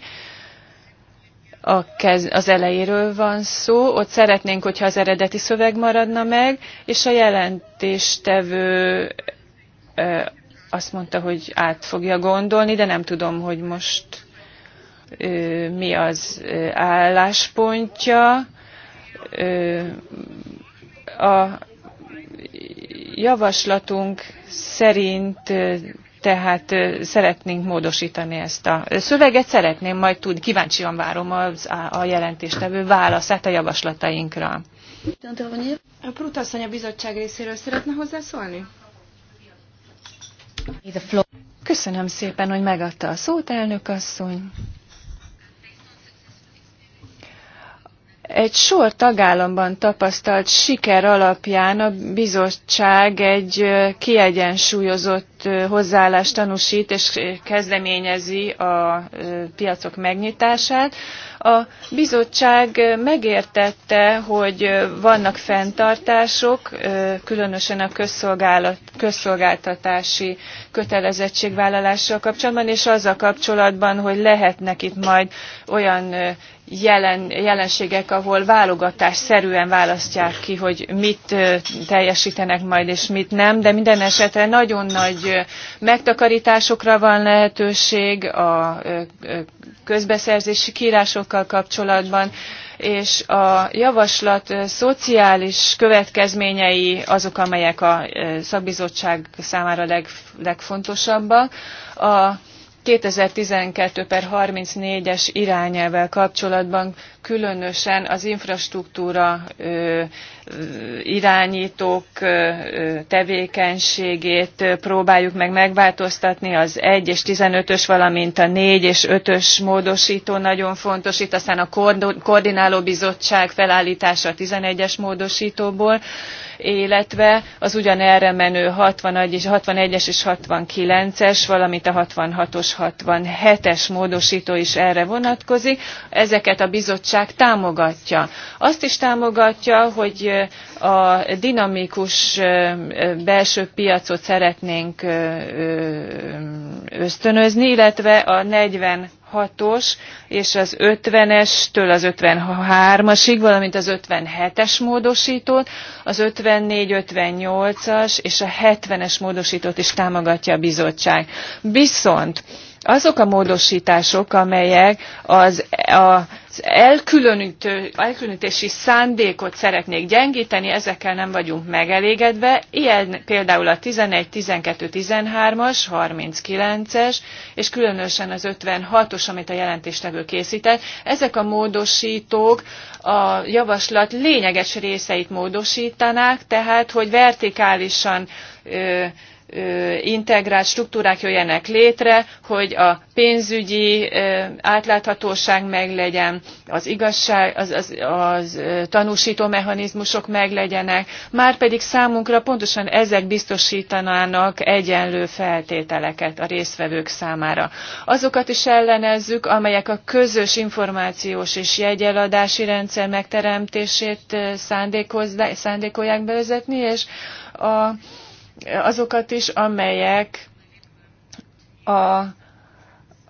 a kez, az elejéről van szó, ott szeretnénk, hogyha az eredeti szöveg maradna meg, és a jelentéstevő azt mondta, hogy át fogja gondolni, de nem tudom, hogy most mi az álláspontja. A javaslatunk szerint tehát szeretnénk módosítani ezt a szöveget, szeretném majd tudni, kíváncsian várom az, a jelentéstevő válaszát a javaslatainkra. A Prutasszony a bizottság részéről szeretne hozzászólni? Köszönöm szépen, hogy megadta a szót, elnök asszony. Egy sor tagállamban tapasztalt siker alapján a bizottság egy kiegyensúlyozott hozzáállást tanúsít és kezdeményezi a piacok megnyitását. A bizottság megértette, hogy vannak fenntartások, különösen a közszolgáltatási kötelezettségvállalással kapcsolatban, és azzal kapcsolatban, hogy lehetnek itt majd olyan jelen, jelenségek, ahol válogatás szerűen választják ki, hogy mit teljesítenek majd és mit nem, de minden esetre nagyon nagy megtakarításokra van lehetőség a közbeszerzési kírásokkal kapcsolatban, és a javaslat szociális következményei azok, amelyek a szakbizottság számára leg, legfontosabbak. A 2012 per 34-es irányelvel kapcsolatban különösen az infrastruktúra irányítók tevékenységét próbáljuk meg megváltoztatni. Az 1 és 15-ös, valamint a 4 és 5-ös módosító nagyon fontos. Itt aztán a koordinálóbizottság felállítása a 11-es módosítóból illetve az ugyanerre menő 61 és 61-es és 69-es, valamint a 66-os, 67-es módosító is erre vonatkozik. Ezeket a bizottság támogatja. Azt is támogatja, hogy a dinamikus belső piacot szeretnénk ösztönözni, illetve a 40 56 os és az 50-estől az 53-asig, valamint az 57-es módosítót, az 54-58-as és a 70-es módosítót is támogatja a bizottság. Viszont azok a módosítások, amelyek az, a elkülönítő, elkülönítési szándékot szeretnék gyengíteni, ezekkel nem vagyunk megelégedve. Ilyen például a eleven twelve thirteen as nine es és különösen az six os amit a jelentéstevő késztett Ezek a módostók a javaslat lényeges részeit módostanák tehát hogy vertikálisan ö, integrált struktúrák jöjjenek létre, hogy a pénzügyi átláthatóság meglegyen, az igazság, az, az, az tanúsító mechanizmusok meglegyenek, már pedig számunkra pontosan ezek biztosítanának egyenlő feltételeket a résztvevők számára. Azokat is ellenezzük, amelyek a közös információs és jegyeladási rendszer megteremtését szándékolják bevezetni, és a azokat is, amelyek a,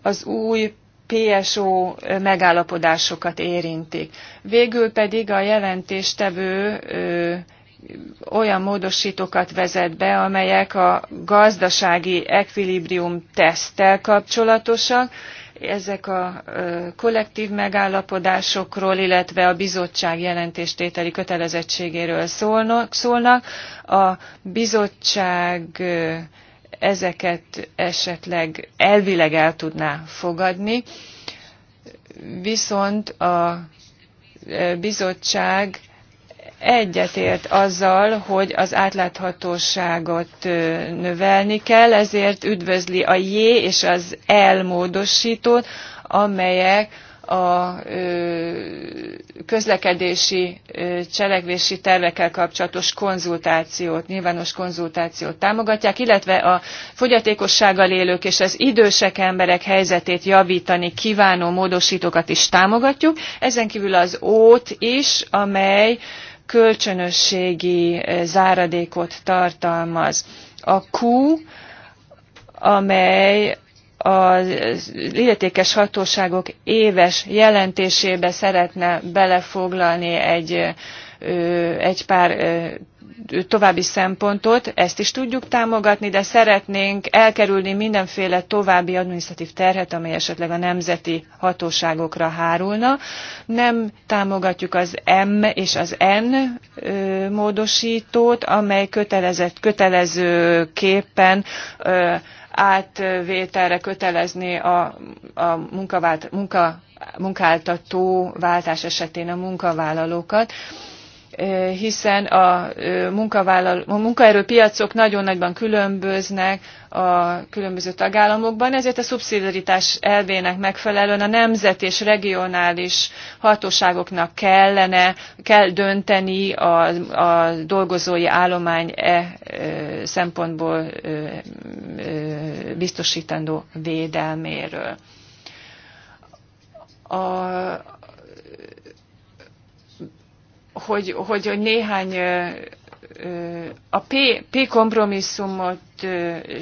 az új PSO megállapodásokat érintik. Végül pedig a jelentéstevő ö, olyan módosítókat vezet be, amelyek a gazdasági ekvilibrium teszttel kapcsolatosak, ezek a kollektív megállapodásokról, illetve a bizottság jelentéstételi kötelezettségéről szólnak. A bizottság ezeket esetleg elvileg el tudná fogadni, viszont a bizottság egyetért azzal, hogy az átláthatóságot növelni kell, ezért üdvözli a J és az L módosítót, amelyek a közlekedési cselekvési tervekkel kapcsolatos konzultációt, nyilvános konzultációt támogatják, illetve a fogyatékossággal élők és az idősek emberek helyzetét javítani kívánó módosítókat is támogatjuk. Ezen kívül az ót is, amely kölcsönösségi eh, záradékot tartalmaz. A Q, amely az illetékes hatóságok éves jelentésébe szeretne belefoglalni egy, egy pár további szempontot, ezt is tudjuk támogatni, de szeretnénk elkerülni mindenféle további adminisztratív terhet, amely esetleg a nemzeti hatóságokra hárulna. Nem támogatjuk az M és az N módosítót, amely kötelezett, kötelező képpen átvételre kötelezni a, a munkavált, munka, munkáltató váltás esetén a munkavállalókat. Eh, hiszen a, munkaerőpiacok nagyon nagyban különböznek a különböző tagállamokban, ezért a szubszidiaritás elvének megfelelően a nemzeti és regionális hatóságoknak kellene, kell dönteni a, a dolgozói állomány e szempontból biztosítandó védelméről. A, hogy, hogy, hogy néhány a P, P kompromisszumot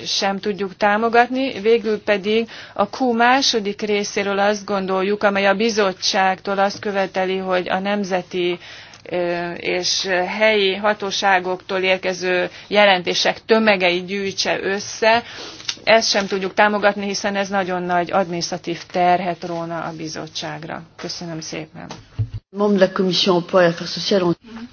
sem tudjuk támogatni, végül pedig a Q második részéről azt gondoljuk, amely a bizottságtól azt követeli, hogy a nemzeti és helyi hatóságoktól érkező jelentések tömegei gyűjtse össze. Ezt sem tudjuk támogatni, hiszen ez nagyon nagy administratív terhet róna a bizottságra. Köszönöm szépen.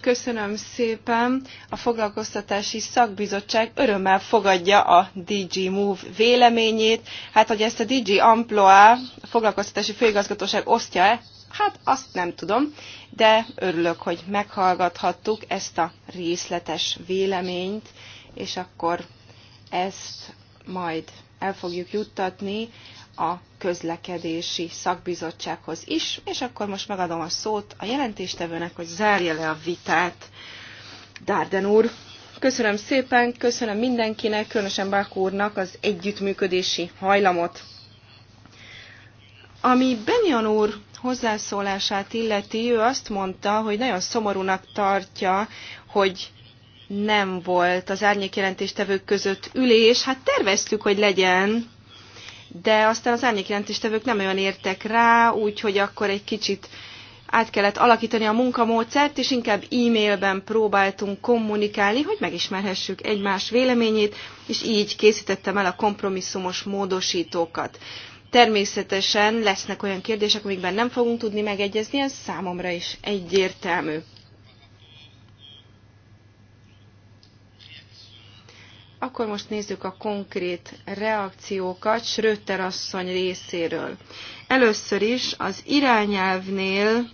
Köszönöm szépen. A foglalkoztatási szakbizottság örömmel fogadja a DG Move véleményét. Hát, hogy ezt a DG Amploa, a foglalkoztatási főigazgatóság osztja-e, hát azt nem tudom, de örülök, hogy meghallgathattuk ezt a részletes véleményt, és akkor ezt majd el fogjuk juttatni a közlekedési szakbizottsághoz is, és akkor most megadom a szót a jelentéstevőnek, hogy zárja le a vitát. Dárden úr, köszönöm szépen, köszönöm mindenkinek, különösen Bák úrnak az együttműködési hajlamot. Ami Benyan úr hozzászólását illeti, ő azt mondta, hogy nagyon szomorúnak tartja, hogy nem volt az jelentéstevők között ülés. Hát terveztük, hogy legyen, de aztán az árnyékjelentéstevők nem olyan értek rá, úgyhogy akkor egy kicsit át kellett alakítani a munkamódszert, és inkább e-mailben próbáltunk kommunikálni, hogy megismerhessük egymás véleményét, és így készítettem el a kompromisszumos módosítókat. Természetesen lesznek olyan kérdések, amikben nem fogunk tudni megegyezni, ez számomra is egyértelmű. Akkor most nézzük a konkrét reakciókat Schröter asszony részéről. Először is az irányelvnél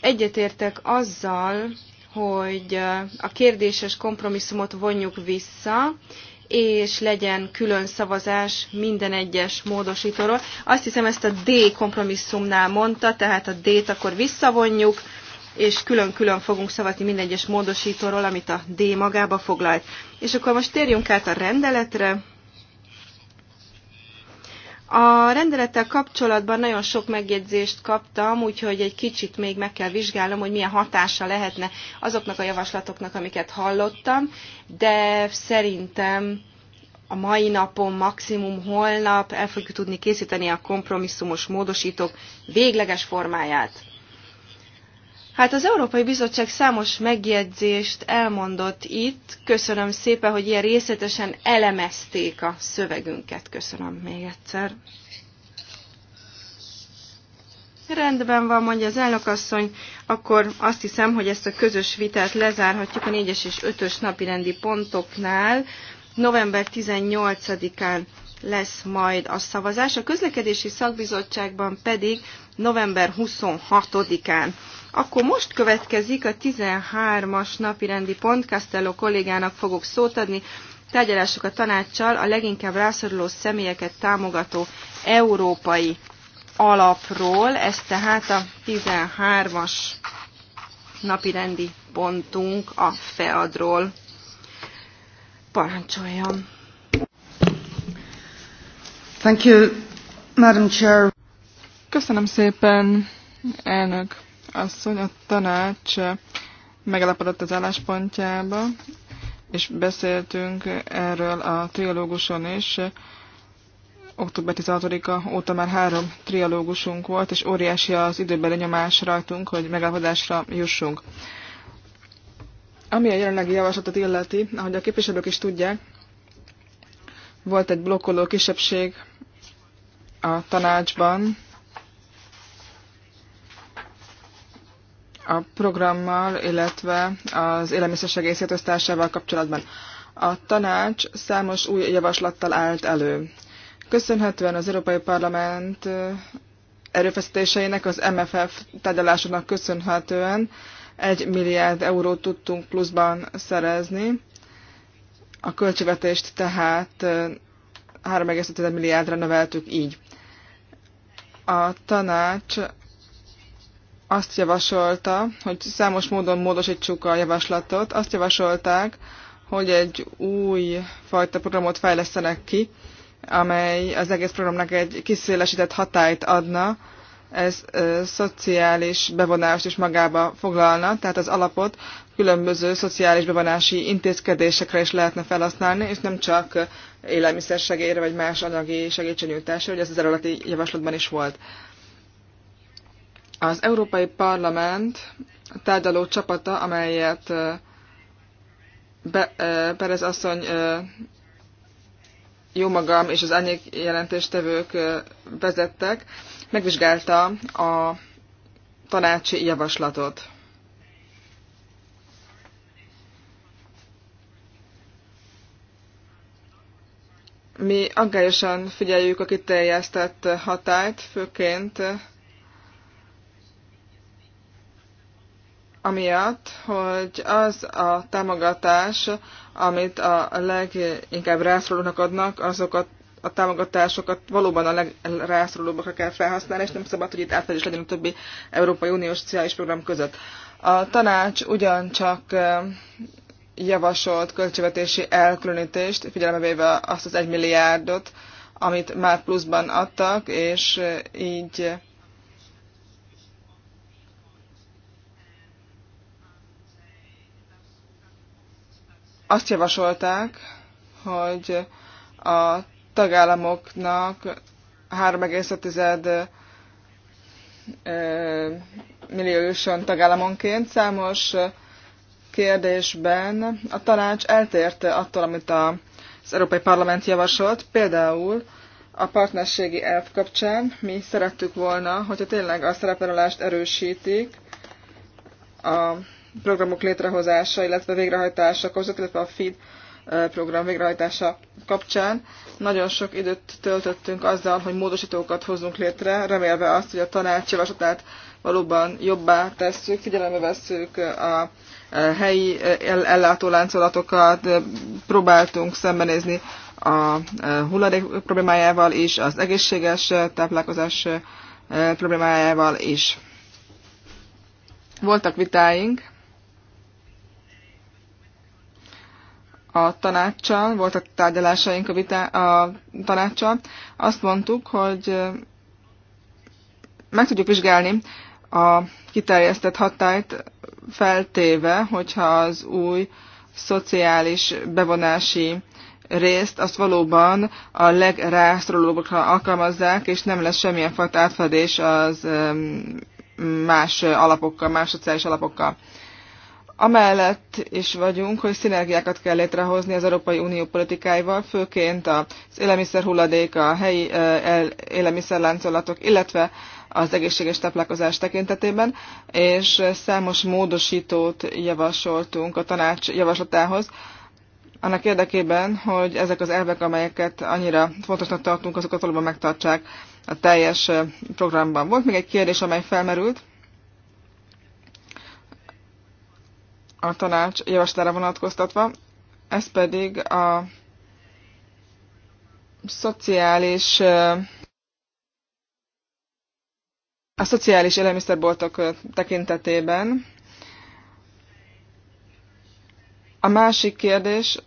egyetértek azzal, hogy a kérdéses kompromisszumot vonjuk vissza, és legyen külön szavazás minden egyes módosítóról. Azt hiszem ezt a D kompromisszumnál mondta, tehát a D-t akkor visszavonjuk, és külön-külön fogunk szavazni minden egyes módosítóról, amit a D magába foglalt. És akkor most térjünk át a rendeletre. A rendelettel kapcsolatban nagyon sok megjegyzést kaptam, úgyhogy egy kicsit még meg kell vizsgálnom, hogy milyen hatása lehetne azoknak a javaslatoknak, amiket hallottam, de szerintem a mai napon, maximum holnap el fogjuk tudni készíteni a kompromisszumos módosítók végleges formáját. Hát az Európai Bizottság számos megjegyzést elmondott itt. Köszönöm szépen, hogy ilyen részletesen elemezték a szövegünket. Köszönöm még egyszer. Rendben van, mondja az elnökasszony, akkor azt hiszem, hogy ezt a közös vitát lezárhatjuk a 4-es és 5-ös napi rendi pontoknál. November 18-án lesz majd a szavazás. A közlekedési szakbizottságban pedig november 26-án. Akkor most következik a 13-as napi rendi pont, Castello kollégának fogok szót adni, tárgyalások a tanácssal a leginkább rászoruló személyeket támogató európai alapról, ez tehát a 13-as napi rendi pontunk a FEAD-ról. Parancsoljam! Thank you, Madam Chair. Köszönöm szépen, elnök asszony, a tanács megalapodott az álláspontjába, és beszéltünk erről a trialóguson is. Október 16-a óta már három trialógusunk volt, és óriási az időbeli nyomás rajtunk, hogy megállapodásra jussunk. Ami a jelenlegi javaslatot illeti, ahogy a képviselők is tudják, volt egy blokkoló kisebbség a tanácsban, a programmal, illetve az élelmiszersegély szétosztásával kapcsolatban. A tanács számos új javaslattal állt elő. Köszönhetően az Európai Parlament erőfeszítéseinek, az MFF tárgyalásoknak köszönhetően egy milliárd eurót tudtunk pluszban szerezni. A költségvetést tehát 3,5 milliárdra növeltük így. A tanács azt javasolta, hogy számos módon módosítsuk a javaslatot. Azt javasolták, hogy egy új fajta programot fejlesztenek ki, amely az egész programnak egy kiszélesített hatályt adna, ez ö, szociális bevonást is magába foglalna, tehát az alapot különböző szociális bevonási intézkedésekre is lehetne felhasználni, és nem csak segélyre, vagy más anyagi segítségnyújtásra, hogy ez az eredeti javaslatban is volt. Az Európai Parlament tárgyaló csapata, amelyet Be, Perez asszony jó magam és az árnyék jelentéstevők vezettek, megvizsgálta a tanácsi javaslatot. Mi aggályosan figyeljük a kiterjesztett hatályt, főként amiatt, hogy az a támogatás, amit a leginkább rászorulnak adnak, azokat a támogatásokat valóban a legrászorulóbbakra kell felhasználni, és nem szabad, hogy itt átfedés legyen a többi Európai Uniós sociális Program között. A tanács ugyancsak javasolt költségvetési elkülönítést, figyelembe véve azt az egy milliárdot, amit már pluszban adtak, és így azt javasolták, hogy a tagállamoknak 3,5 millió jusson tagállamonként. Számos kérdésben a tanács eltért attól, amit az Európai Parlament javasolt, például a partnerségi elv kapcsán mi szerettük volna, hogyha tényleg a szerepvállalást erősítik a programok létrehozása, illetve végrehajtása között, illetve a feed program végrehajtása kapcsán. Nagyon sok időt töltöttünk azzal, hogy módosítókat hozzunk létre, remélve azt, hogy a tanács javaslatát valóban jobbá tesszük, figyelembe vesszük a helyi ellátóláncolatokat, próbáltunk szembenézni a hulladék problémájával is, az egészséges táplálkozás problémájával is. Voltak vitáink, a tanácssal, voltak tárgyalásaink a, vitá, a tanácssal, azt mondtuk, hogy meg tudjuk vizsgálni a kiterjesztett hatályt feltéve, hogyha az új szociális bevonási részt azt valóban a legrászorulóbbakra alkalmazzák, és nem lesz semmilyen fajta átfedés az más alapokkal, más szociális alapokkal amellett is vagyunk, hogy szinergiákat kell létrehozni az Európai Unió politikáival, főként az élelmiszer hulladék, a helyi élelmiszerláncolatok, illetve az egészséges táplálkozás tekintetében, és számos módosítót javasoltunk a tanács javaslatához, annak érdekében, hogy ezek az elvek, amelyeket annyira fontosnak tartunk, azokat valóban megtartsák a teljes programban. Volt még egy kérdés, amely felmerült, a tanács javaslára vonatkoztatva, ez pedig a szociális a szociális élelmiszerboltok tekintetében. A másik kérdés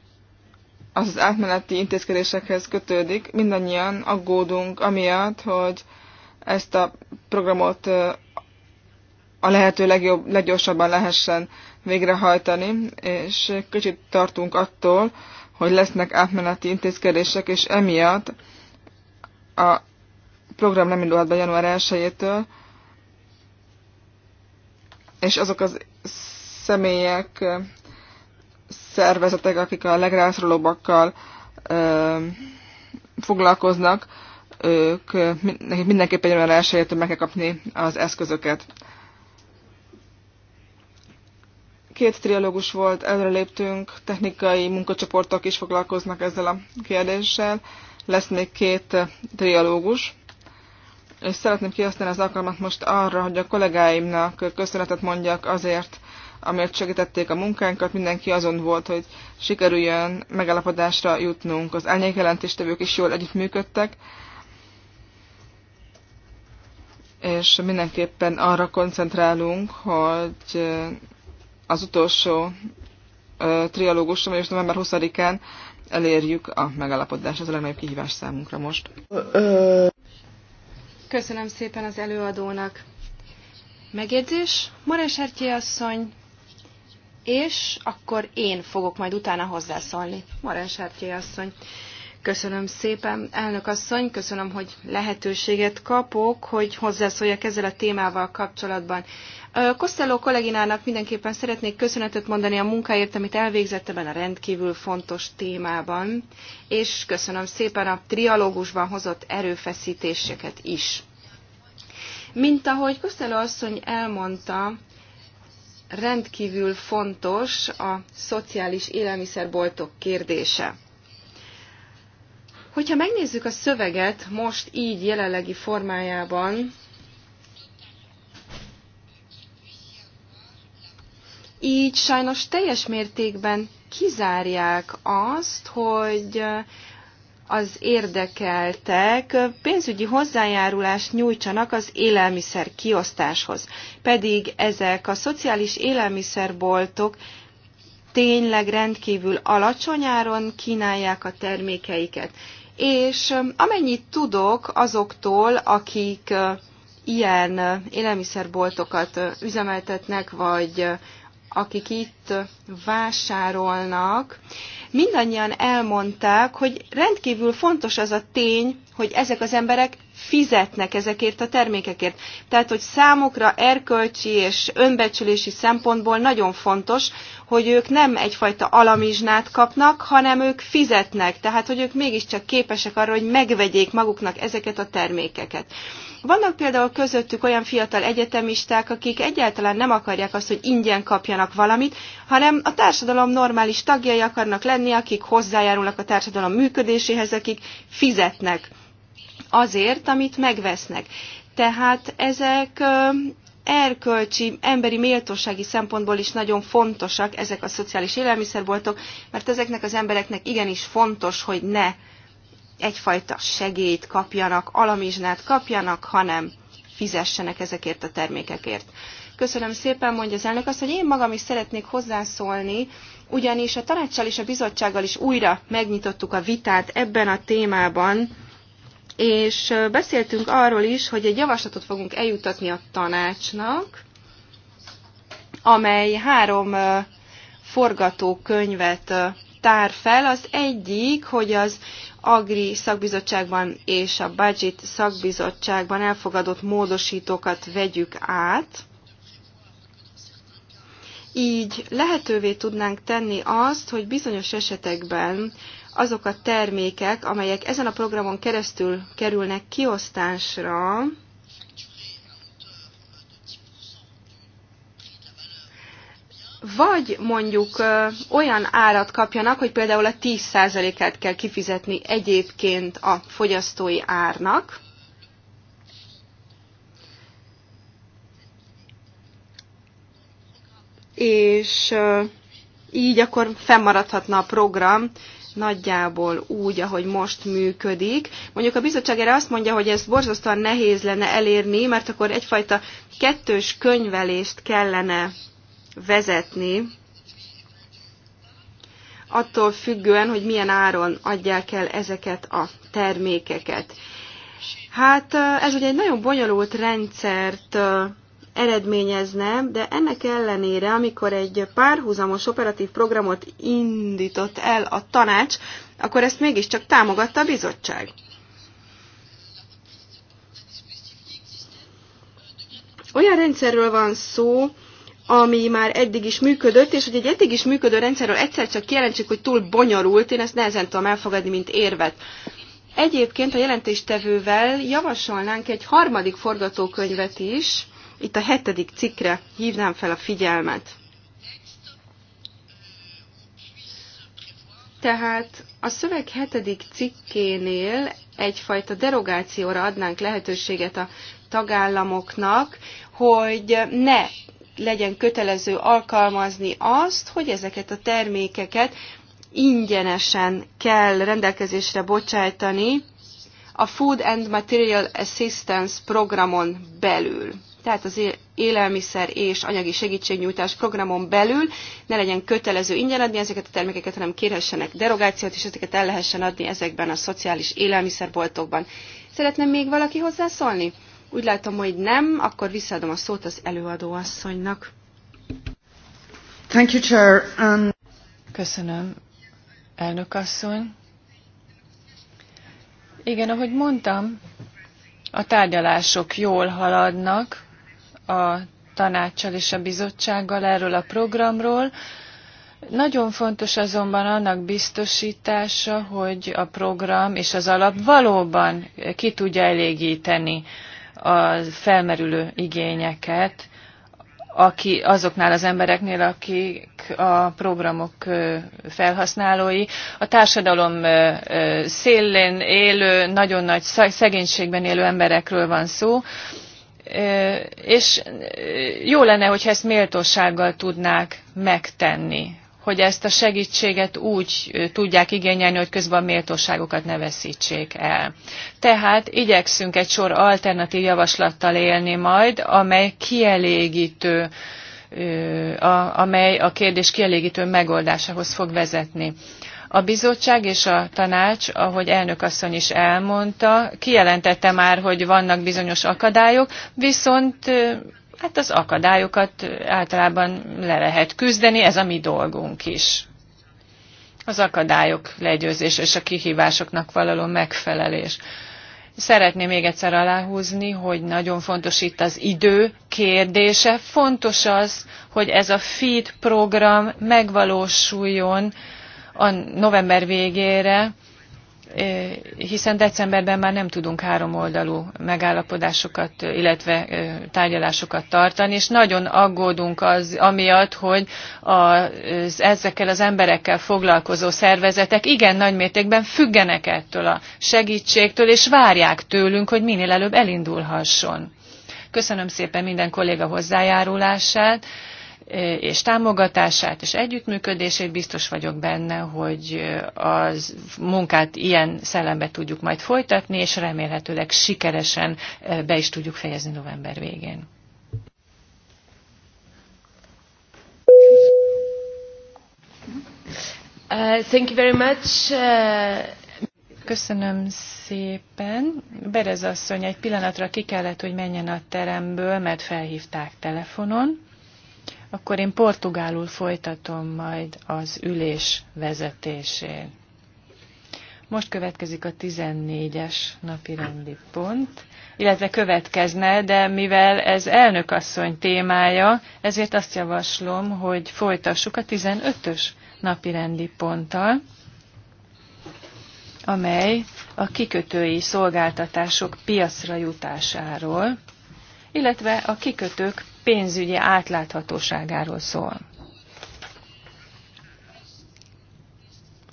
az az átmeneti intézkedésekhez kötődik. Mindannyian aggódunk amiatt, hogy ezt a programot a lehető legjobb, leggyorsabban lehessen végrehajtani, és kicsit tartunk attól, hogy lesznek átmeneti intézkedések, és emiatt a program nem indulhat be január 1-től, és azok az személyek, szervezetek, akik a legrászorulóbbakkal foglalkoznak, ők mindenképpen január 1 meg kell kapni az eszközöket. Két trialógus volt, előre léptünk, technikai munkacsoportok is foglalkoznak ezzel a kérdéssel. Lesz még két trialógus. És szeretném kihasználni az alkalmat most arra, hogy a kollégáimnak köszönetet mondjak azért, amért segítették a munkánkat. Mindenki azon volt, hogy sikerüljön megállapodásra jutnunk. Az elnyékjelentéstevők is jól együttműködtek és mindenképpen arra koncentrálunk, hogy az utolsó trialógusom, és november 20-án elérjük a megállapodást. Ez a legnagyobb kihívás számunkra most. Köszönöm szépen az előadónak. Megjegyzés, Mares Ertjé asszony, és akkor én fogok majd utána hozzászólni. Mares Ertjé asszony. Köszönöm szépen, elnök asszony, köszönöm, hogy lehetőséget kapok, hogy hozzászóljak ezzel a témával kapcsolatban. Costello kolléginának mindenképpen szeretnék köszönetet mondani a munkáért, amit elvégzett ebben a rendkívül fontos témában, és köszönöm szépen a trialógusban hozott erőfeszítéseket is. Mint ahogy Costello asszony elmondta, rendkívül fontos a szociális élelmiszerboltok kérdése. Hogyha megnézzük a szöveget most így jelenlegi formájában, így sajnos teljes mértékben kizárják azt, hogy az érdekeltek pénzügyi hozzájárulást nyújtsanak az élelmiszer kiosztáshoz. Pedig ezek a szociális élelmiszerboltok tényleg rendkívül alacsonyáron kínálják a termékeiket és amennyit tudok azoktól, akik ilyen élelmiszerboltokat üzemeltetnek, vagy akik itt vásárolnak, mindannyian elmondták, hogy rendkívül fontos az a tény, hogy ezek az emberek fizetnek ezekért a termékekért. Tehát, hogy számukra erkölcsi és önbecsülési szempontból nagyon fontos, hogy ők nem egyfajta alamizsnát kapnak, hanem ők fizetnek. Tehát, hogy ők mégiscsak képesek arra, hogy megvegyék maguknak ezeket a termékeket. Vannak például közöttük olyan fiatal egyetemisták, akik egyáltalán nem akarják azt, hogy ingyen kapjanak valamit, hanem a társadalom normális tagjai akarnak tenni, akik hozzájárulnak a társadalom működéséhez, akik fizetnek azért, amit megvesznek. Tehát ezek erkölcsi, emberi méltósági szempontból is nagyon fontosak ezek a szociális élelmiszerboltok, mert ezeknek az embereknek igenis fontos, hogy ne egyfajta segélyt kapjanak, alamizsnát kapjanak, hanem fizessenek ezekért a termékekért. Köszönöm szépen, mondja az elnök azt, hogy én magam is szeretnék hozzászólni ugyanis a tanácssal és a bizottsággal is újra megnyitottuk a vitát ebben a témában, és beszéltünk arról is, hogy egy javaslatot fogunk eljutatni a tanácsnak, amely három forgatókönyvet tár fel. Az egyik, hogy az Agri szakbizottságban és a Budget szakbizottságban elfogadott módosítókat vegyük át, így lehetővé tudnánk tenni azt, hogy bizonyos esetekben azok a termékek, amelyek ezen a programon keresztül kerülnek kiosztásra, vagy mondjuk olyan árat kapjanak, hogy például a 10%-át kell kifizetni egyébként a fogyasztói árnak, és így akkor fennmaradhatna a program nagyjából úgy, ahogy most működik. Mondjuk a bizottság erre azt mondja, hogy ez borzasztóan nehéz lenne elérni, mert akkor egyfajta kettős könyvelést kellene vezetni, attól függően, hogy milyen áron adják el ezeket a termékeket. Hát ez ugye egy nagyon bonyolult rendszert eredményezne, de ennek ellenére, amikor egy párhuzamos operatív programot indított el a tanács, akkor ezt mégiscsak támogatta a bizottság. Olyan rendszerről van szó, ami már eddig is működött, és hogy egy eddig is működő rendszerről egyszer csak kijelentsük, hogy túl bonyolult, én ezt nehezen tudom elfogadni, mint érvet. Egyébként a jelentéstevővel javasolnánk egy harmadik forgatókönyvet is, itt a hetedik cikkre hívnám fel a figyelmet. Tehát a szöveg hetedik cikkénél egyfajta derogációra adnánk lehetőséget a tagállamoknak, hogy ne legyen kötelező alkalmazni azt, hogy ezeket a termékeket ingyenesen kell rendelkezésre bocsájtani a Food and Material Assistance programon belül tehát az élelmiszer és anyagi segítségnyújtás programon belül ne legyen kötelező ingyen adni ezeket a termékeket, hanem kérhessenek derogációt, és ezeket el lehessen adni ezekben a szociális élelmiszerboltokban. Szeretne még valaki hozzászólni? Úgy látom, hogy nem, akkor visszaadom a szót az előadó asszonynak. Thank you, Chair. Um... Köszönöm, elnök asszony. Igen, ahogy mondtam, a tárgyalások jól haladnak, a tanácssal és a bizottsággal erről a programról. Nagyon fontos azonban annak biztosítása, hogy a program és az alap valóban ki tudja elégíteni a felmerülő igényeket aki, azoknál az embereknél, akik a programok felhasználói. A társadalom szélén élő, nagyon nagy szegénységben élő emberekről van szó, és jó lenne, hogyha ezt méltósággal tudnák megtenni, hogy ezt a segítséget úgy tudják igényelni, hogy közben a méltóságokat ne veszítsék el. Tehát igyekszünk egy sor alternatív javaslattal élni majd, amely kielégítő, amely a kérdés kielégítő megoldásához fog vezetni. A bizottság és a tanács, ahogy elnök asszony is elmondta, kijelentette már, hogy vannak bizonyos akadályok, viszont hát az akadályokat általában le lehet küzdeni, ez a mi dolgunk is. Az akadályok legyőzése és a kihívásoknak való megfelelés. Szeretném még egyszer aláhúzni, hogy nagyon fontos itt az idő kérdése. Fontos az, hogy ez a FEED program megvalósuljon, a november végére, eh, hiszen decemberben már nem tudunk háromoldalú megállapodásokat, illetve eh, tárgyalásokat tartani, és nagyon aggódunk az amiatt, hogy az, ezekkel az emberekkel foglalkozó szervezetek igen nagy mértékben függenek ettől a segítségtől, és várják tőlünk, hogy minél előbb elindulhasson. Köszönöm szépen minden kolléga hozzájárulását és támogatását és együttműködését. Biztos vagyok benne, hogy a munkát ilyen szellembe tudjuk majd folytatni, és remélhetőleg sikeresen eh, be is tudjuk fejezni november végén. Uh, thank you very much. Uh... Köszönöm szépen. Berez asszony, egy pillanatra ki kellett, hogy menjen a teremből, mert felhívták telefonon. Akkor én portugálul folytatom majd az ülés vezetését. Most következik a 14-es napi rendi pont, illetve következne, de mivel ez elnökasszony témája, ezért azt javaslom, hogy folytassuk a 15-ös napi rendi ponttal, amely a kikötői szolgáltatások piacra jutásáról, illetve a kikötők pénzügyi átláthatóságáról szól.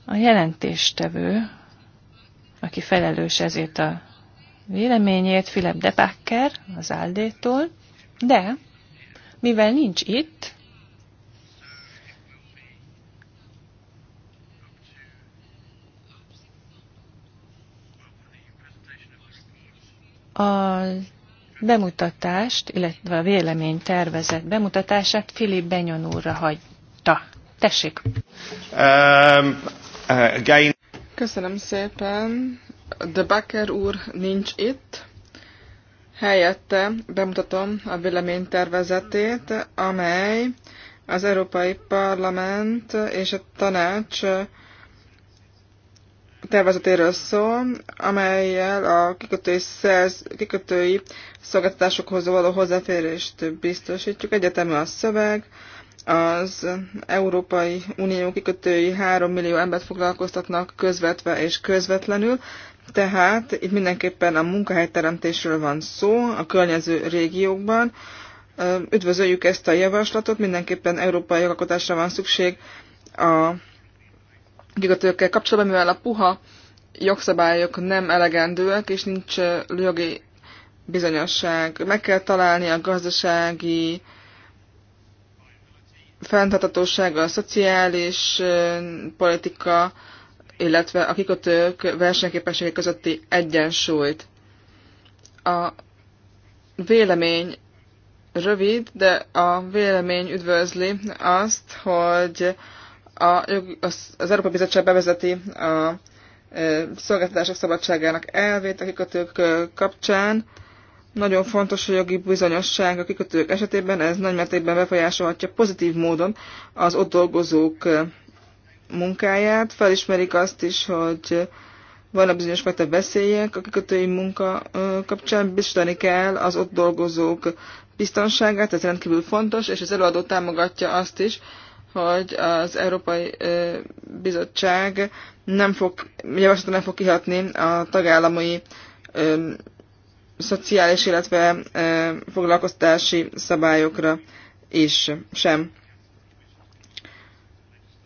A jelentéstevő, aki felelős ezért a véleményét, Philip Packer, az Áldétól, de mivel nincs itt, az bemutatást, illetve a vélemény tervezett bemutatását Filip Benyon úrra hagyta. Tessék! Um, uh, Köszönöm szépen. De Baker úr nincs itt. Helyette bemutatom a vélemény tervezetét, amely az Európai Parlament és a Tanács tervezetéről szól, amelyel a kikötői, szerz, kikötői szolgáltatásokhoz való hozzáférést biztosítjuk. Egyetemű a szöveg, az Európai Unió kikötői 3 millió embert foglalkoztatnak közvetve és közvetlenül, tehát itt mindenképpen a munkahelyteremtésről van szó a környező régiókban. Üdvözöljük ezt a javaslatot, mindenképpen európai jogalkotásra van szükség a kikötőkkel kapcsolatban, mivel a puha jogszabályok nem elegendőek, és nincs jogi bizonyosság. Meg kell találni a gazdasági fenntartatóság, a szociális politika, illetve a kikötők versenyképessége közötti egyensúlyt. A vélemény rövid, de a vélemény üdvözli azt, hogy a, az, Európa Európai Bizottság bevezeti a szolgáltatások szabadságának elvét a kikötők kapcsán. Nagyon fontos a jogi bizonyosság a kikötők esetében, ez nagy mértékben befolyásolhatja pozitív módon az ott dolgozók munkáját. Felismerik azt is, hogy van a bizonyos fajta veszélyek a kikötői munka kapcsán, biztosítani kell az ott dolgozók biztonságát, ez rendkívül fontos, és az előadó támogatja azt is, hogy az Európai Bizottság nem fog, javaslata nem fog kihatni a tagállamai ö, szociális, illetve ö, foglalkoztási szabályokra is sem.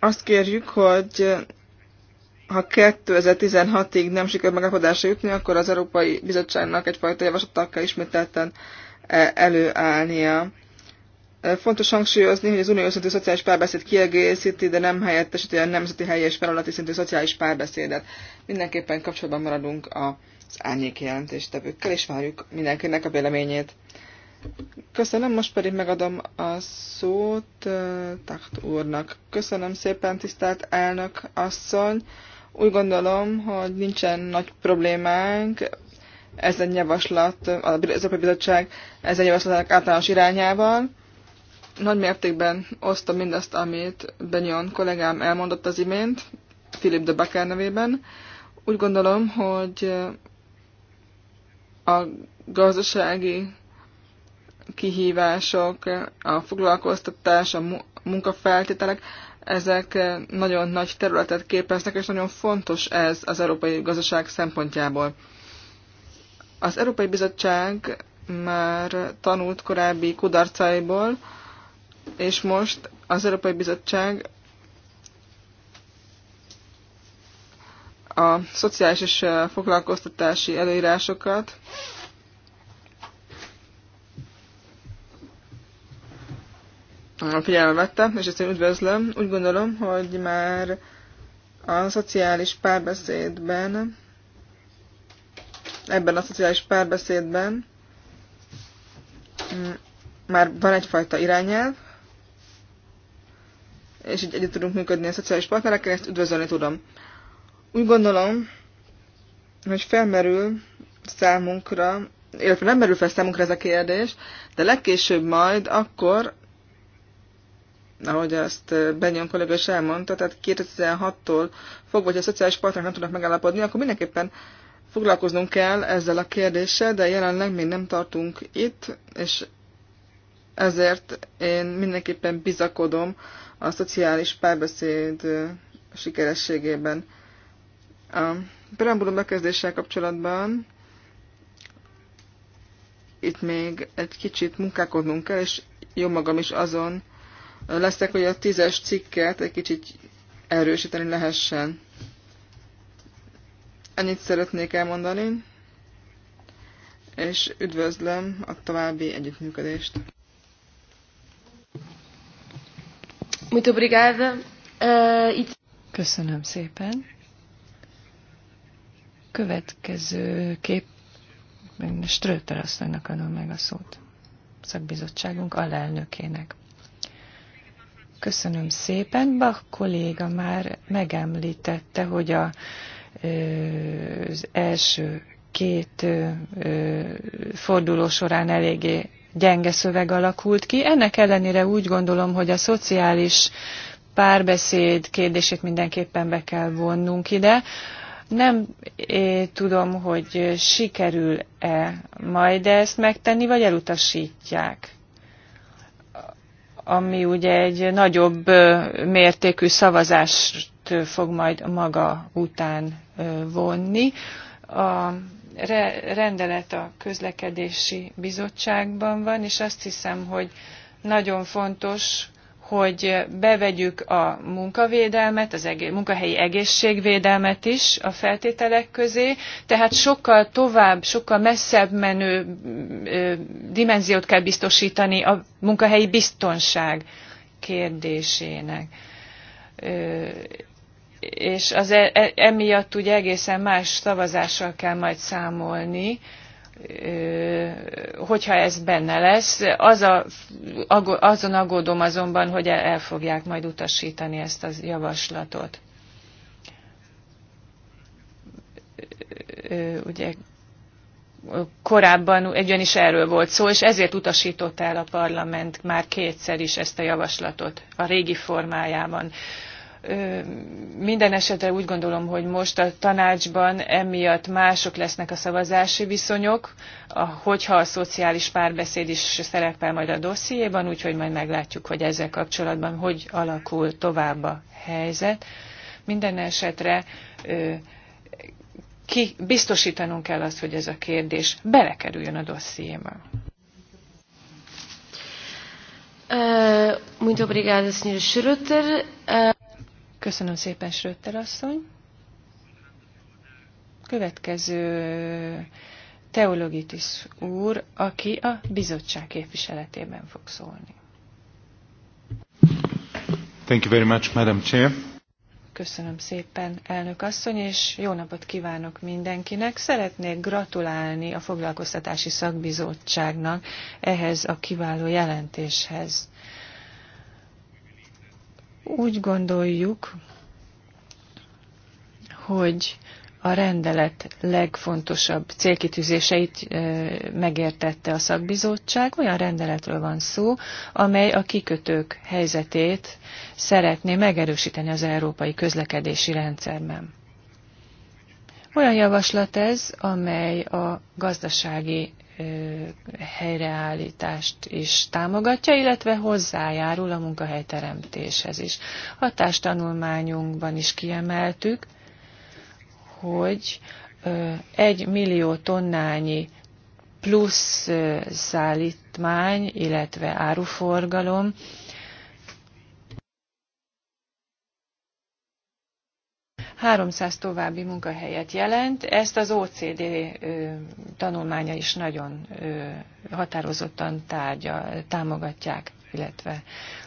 Azt kérjük, hogy ha 2016-ig nem sikerül megállapodásra jutni, akkor az Európai Bizottságnak egyfajta javaslattal kell ismételten előállnia. Fontos hangsúlyozni, hogy az uniós szintű szociális párbeszéd kiegészíti, de nem helyettesíti a nemzeti helyi és feladati szintű szociális párbeszédet. Mindenképpen kapcsolatban maradunk az árnyék jelentéstevőkkel, és várjuk mindenkinek a véleményét. Köszönöm, most pedig megadom a szót Takt úrnak. Köszönöm szépen, tisztelt elnök asszony. Úgy gondolom, hogy nincsen nagy problémánk ezen javaslat, az Európai Bizottság ezen javaslatának általános irányával nagy mértékben osztom mindazt, amit Benyon kollégám elmondott az imént, Philip de Bakker nevében. Úgy gondolom, hogy a gazdasági kihívások, a foglalkoztatás, a munkafeltételek, ezek nagyon nagy területet képeznek, és nagyon fontos ez az európai gazdaság szempontjából. Az Európai Bizottság már tanult korábbi kudarcaiból, és most az Európai Bizottság a szociális és foglalkoztatási előírásokat figyelembe vette, és ezt én üdvözlöm. Úgy gondolom, hogy már a szociális párbeszédben, ebben a szociális párbeszédben már van egyfajta irányelv, és így együtt tudunk működni a szociális partnerekkel, ezt üdvözölni tudom. Úgy gondolom, hogy felmerül számunkra, illetve nem merül fel számunkra ez a kérdés, de legkésőbb majd akkor, ahogy azt eh, Benyon kollega is elmondta, tehát 2006-tól fogva, hogy a szociális partnerek nem tudnak megállapodni, akkor mindenképpen foglalkoznunk kell ezzel a kérdéssel, de jelenleg még nem tartunk itt, és ezért én mindenképpen bizakodom a szociális párbeszéd sikerességében. A preambulum bekezdéssel kapcsolatban itt még egy kicsit munkálkodnunk kell, és jó magam is azon leszek, hogy a tízes cikket egy kicsit erősíteni lehessen. Ennyit szeretnék elmondani, és üdvözlöm a további együttműködést. Muito obrigada. Uh, ah, it... E Köszönöm szépen. Következő kép Ströter asszonynak adom meg a szót. Szakbizottságunk alelnökének. Köszönöm szépen. Bach kolléga már megemlítette, hogy a, az első két forduló során eléggé gyenge szöveg alakult ki. Ennek ellenére úgy gondolom, hogy a szociális párbeszéd kérdését mindenképpen be kell vonnunk ide. Nem tudom, hogy sikerül-e majd ezt megtenni, vagy elutasítják. Ami ugye egy nagyobb mértékű szavazást fog majd maga után vonni. A rendelet a közlekedési bizottságban van, és azt hiszem, hogy nagyon fontos, hogy bevegyük a munkavédelmet, az egész, munkahelyi egészségvédelmet is a feltételek közé, tehát sokkal tovább, sokkal messzebb menő ö, dimenziót kell biztosítani a munkahelyi biztonság kérdésének. Ö, és az e, e, emiatt ugye egészen más szavazással kell majd számolni, hogyha ez benne lesz. Az a, azon aggódom azonban, hogy el, fogják majd utasítani ezt a javaslatot. Ugye korábban ugyanis erről volt szó, és ezért utasított el a parlament már kétszer is ezt a javaslatot a régi formájában minden esetre úgy gondolom, hogy most a tanácsban emiatt mások lesznek a szavazási viszonyok, hogyha a szociális párbeszéd is szerepel majd a dossziéban, úgyhogy majd meglátjuk, hogy ezzel kapcsolatban hogy alakul tovább a helyzet. Minden esetre ki, biztosítanunk kell azt, hogy ez a kérdés belekerüljön a dossziéba. Uh, muito obrigada, Sr. Schroeter. Uh... Köszönöm szépen, Schröter asszony. Következő Teologitis úr, aki a bizottság képviseletében fog szólni. Thank you very much, Madam Chair. Köszönöm szépen, elnök asszony, és jó napot kívánok mindenkinek. Szeretnék gratulálni a Foglalkoztatási Szakbizottságnak ehhez a kiváló jelentéshez. Úgy gondoljuk, hogy a rendelet legfontosabb célkitűzéseit megértette a szakbizottság. Olyan rendeletről van szó, amely a kikötők helyzetét szeretné megerősíteni az európai közlekedési rendszerben. Olyan javaslat ez, amely a gazdasági helyreállítást is támogatja, illetve hozzájárul a munkahelyteremtéshez is. Hatástanulmányunkban is kiemeltük, hogy egy millió tonnányi plusz szállítmány, illetve áruforgalom 300 további munkahelyet jelent. Ezt az OCD tanulmánya is nagyon határozottan tárgya, támogatják illetve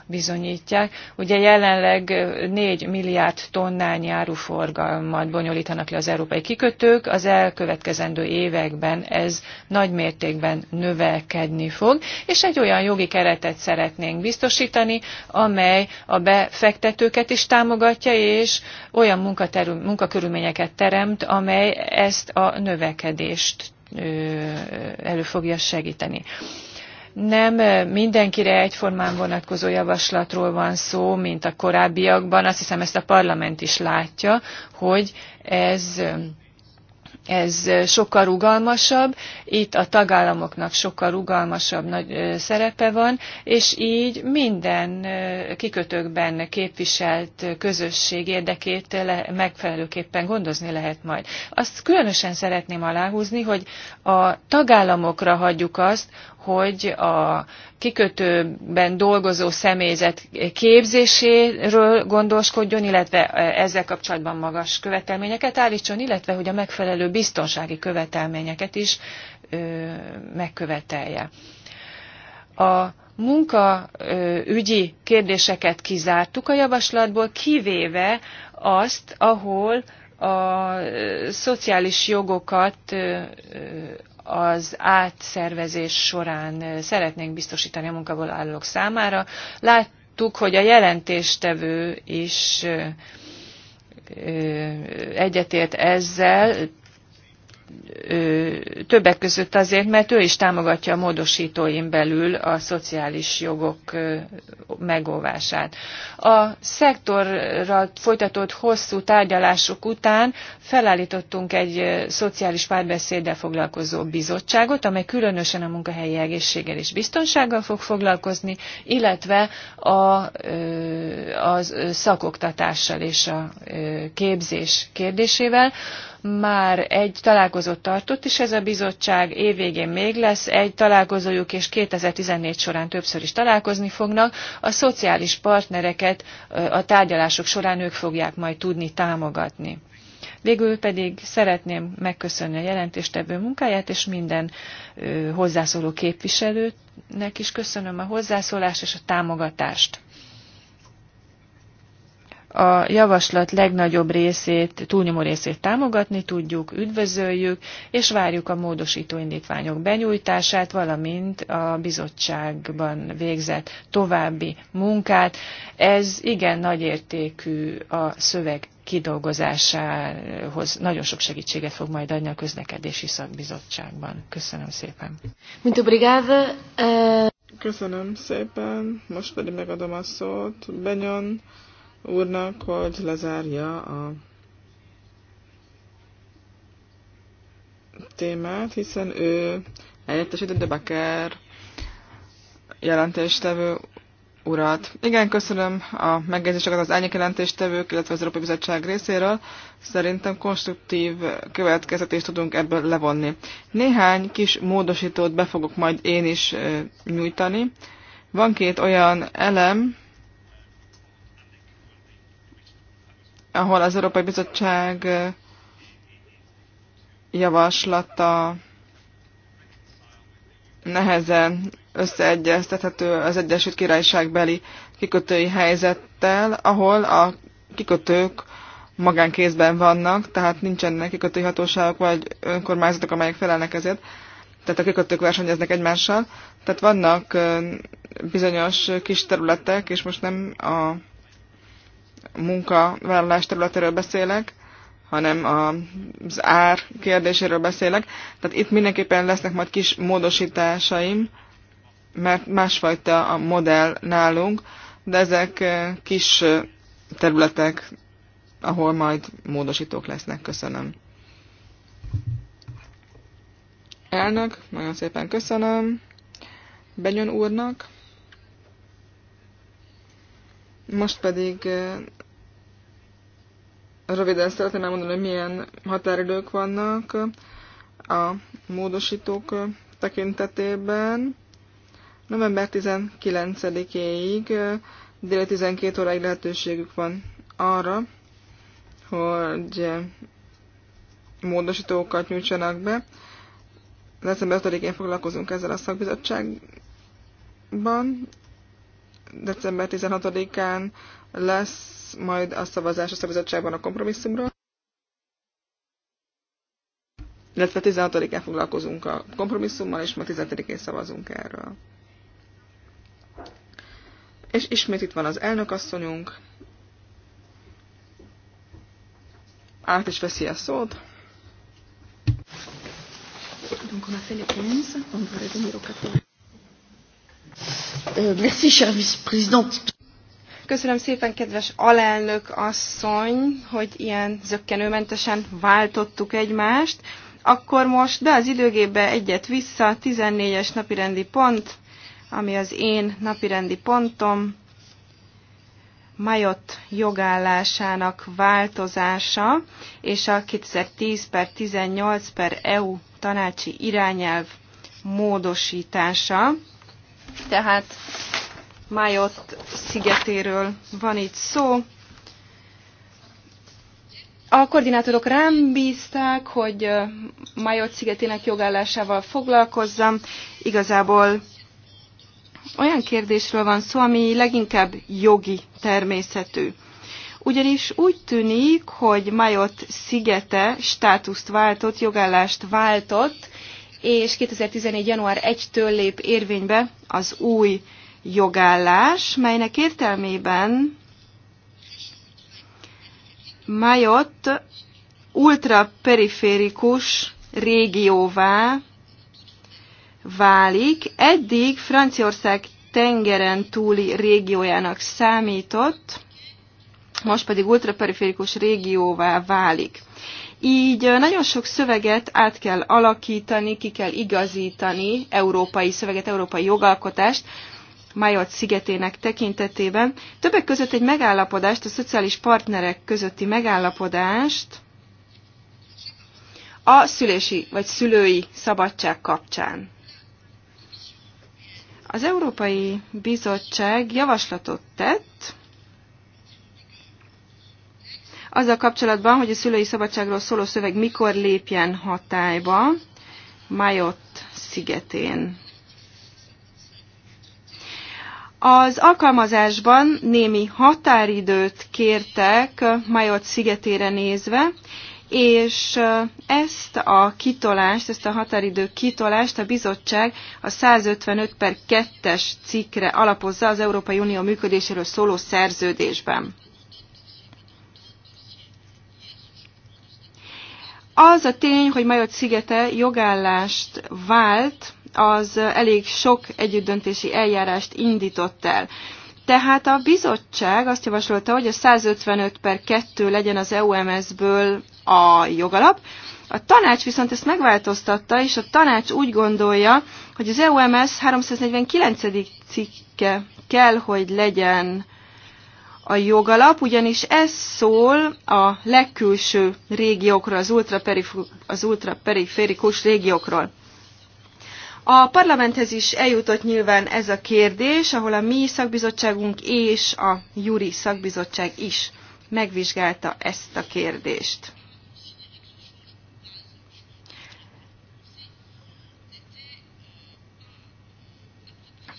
bizonyítják. Ugye jelenleg 4 milliárd tonnányi áruforgalmat bonyolítanak le az európai kikötők, az elkövetkezendő években ez nagy mértékben növelkedni fog, és egy olyan jogi keretet szeretnénk biztosítani, amely a befektetőket is támogatja, és olyan munkaterül, munkakörülményeket teremt, amely ezt a növekedést elő fogja segíteni nem mindenkire egyformán vonatkozó javaslatról van szó, mint a korábbiakban. Azt hiszem ezt a parlament is látja, hogy ez ez sokkal rugalmasabb, itt a tagállamoknak sokkal rugalmasabb nagy szerepe van, és így minden kikötőkben képviselt közösség érdekét le, megfelelőképpen gondozni lehet majd. Azt különösen szeretném aláhúzni, hogy a tagállamokra hagyjuk azt, hogy a kikötőben dolgozó személyzet képzéséről gondoskodjon, illetve e, ezzel kapcsolatban magas követelményeket állítson, illetve hogy a megfelelő biztonsági követelményeket is megkövetelje. A munkaügyi kérdéseket kizártuk a javaslatból, kivéve azt, ahol a szociális jogokat az átszervezés során szeretnénk biztosítani a munkából állók számára. Láttuk, hogy a jelentéstevő is egyetért ezzel, többek között azért, mert ő is támogatja a módosítóin belül a szociális jogok megóvását. A szektorral folytatott hosszú tárgyalások után felállítottunk egy szociális párbeszéddel foglalkozó bizottságot, amely különösen a munkahelyi egészséggel és biztonsággal fog foglalkozni, illetve a, az szakoktatással és a képzés kérdésével már egy találkozót tartott, és ez a bizottság évvégén még lesz egy találkozójuk, és 2014 során többször is találkozni fognak. A szociális partnereket a tárgyalások során ők fogják majd tudni támogatni. Végül pedig szeretném megköszönni a jelentéstevő munkáját, és minden hozzászóló képviselőnek is köszönöm a hozzászólást és a támogatást a javaslat legnagyobb részét, túlnyomó részét támogatni tudjuk, üdvözöljük, és várjuk a módosító indítványok benyújtását, valamint a bizottságban végzett további munkát. Ez igen nagyértékű a szöveg kidolgozásához nagyon sok segítséget fog majd adni a közlekedési szakbizottságban. Köszönöm szépen. Mint obrigada. Eh, Köszönöm szépen. Most pedig megadom a szót Benyon úrnak, hogy lezárja a témát, hiszen ő helyettesített de Becker jelentéstevő urat. Igen, köszönöm a megjegyzéseket az elnyek jelentéstevők, illetve az Európai Bizottság részéről. Szerintem konstruktív következetést tudunk ebből levonni. Néhány kis módosítót be fogok majd én is nyújtani. Van két olyan elem, ahol az Európai Bizottság javaslata nehezen összeegyeztethető az Egyesült Királyságbeli kikötői helyzettel, ahol a kikötők magánkézben vannak, tehát nincsenek kikötői hatóságok vagy önkormányzatok, amelyek felelnek ezért. Tehát a kikötők versenyeznek egymással. Tehát vannak bizonyos kis területek, és most nem a munkavállalás területéről beszélek, hanem az ár kérdéséről beszélek. Tehát itt mindenképpen lesznek majd kis módosításaim, mert másfajta a modell nálunk, de ezek eh, kis eh, területek, ahol majd módosítók lesznek. Köszönöm. Elnök, nagyon szépen köszönöm Benyon úrnak. Most pedig röviden szeretném elmondani, hogy milyen határidők vannak a módosítók tekintetében. November 19-éig dél 12 óráig lehetőségük van arra, hogy módosítókat nyújtsanak be. December 5-én foglalkozunk ezzel a szakbizottságban, december 16-án lesz majd a szavazás a szabadságban a kompromisszumról, illetve 16-án foglalkozunk a kompromisszummal, és ma 17-én szavazunk erről. És ismét itt van az elnökasszonyunk, át is veszi a szót. Donc on a fait les 15, on va revenir au 14. Euh, Köszönöm szépen, kedves alelnök asszony, hogy ilyen zöggenőmentesen váltottuk egymást. Akkor most be az időgébe egyet vissza, 14-es napirendi pont, ami az én napirendi pontom, Majott jogállásának változása és a 2010 per 18 per EU tanácsi irányelv módosítása. Tehát Májott szigetéről van itt szó. A koordinátorok rám bízták, hogy Májott szigetének jogállásával foglalkozzam. Igazából olyan kérdésről van szó, ami leginkább jogi természetű. Ugyanis úgy tűnik, hogy Majot szigete státuszt váltott, jogállást váltott, és 2014. január 1-től lép érvénybe az új jogállás, melynek értelmében Majot ultraperiférikus régióvá válik. Eddig Franciaország tengeren túli régiójának számított, most pedig ultraperiférikus régióvá válik. Így nagyon sok szöveget át kell alakítani, ki kell igazítani, európai szöveget, európai jogalkotást, Majot szigetének tekintetében. Többek között egy megállapodást, a szociális partnerek közötti megállapodást a szülési vagy szülői szabadság kapcsán. Az Európai Bizottság javaslatot tett, azzal kapcsolatban, hogy a szülői szabadságról szóló szöveg mikor lépjen hatályba Majott szigetén. Az alkalmazásban némi határidőt kértek Majott szigetére nézve, és ezt a kitolást, ezt a határidő kitolást a bizottság a 155 per 2-es cikkre alapozza az Európai Unió működéséről szóló szerződésben. Az a tény, hogy Majot szigete jogállást vált, az elég sok együttdöntési eljárást indított el. Tehát a bizottság azt javasolta, hogy a 155 per 2 legyen az EUMS-ből a jogalap, a tanács viszont ezt megváltoztatta, és a tanács úgy gondolja, hogy az EUMS 349. cikke kell, hogy legyen a jogalap, ugyanis ez szól a legkülső régiókról, az, az ultraperiférikus régiókról. A parlamenthez is eljutott nyilván ez a kérdés, ahol a mi szakbizottságunk és a Juri szakbizottság is megvizsgálta ezt a kérdést.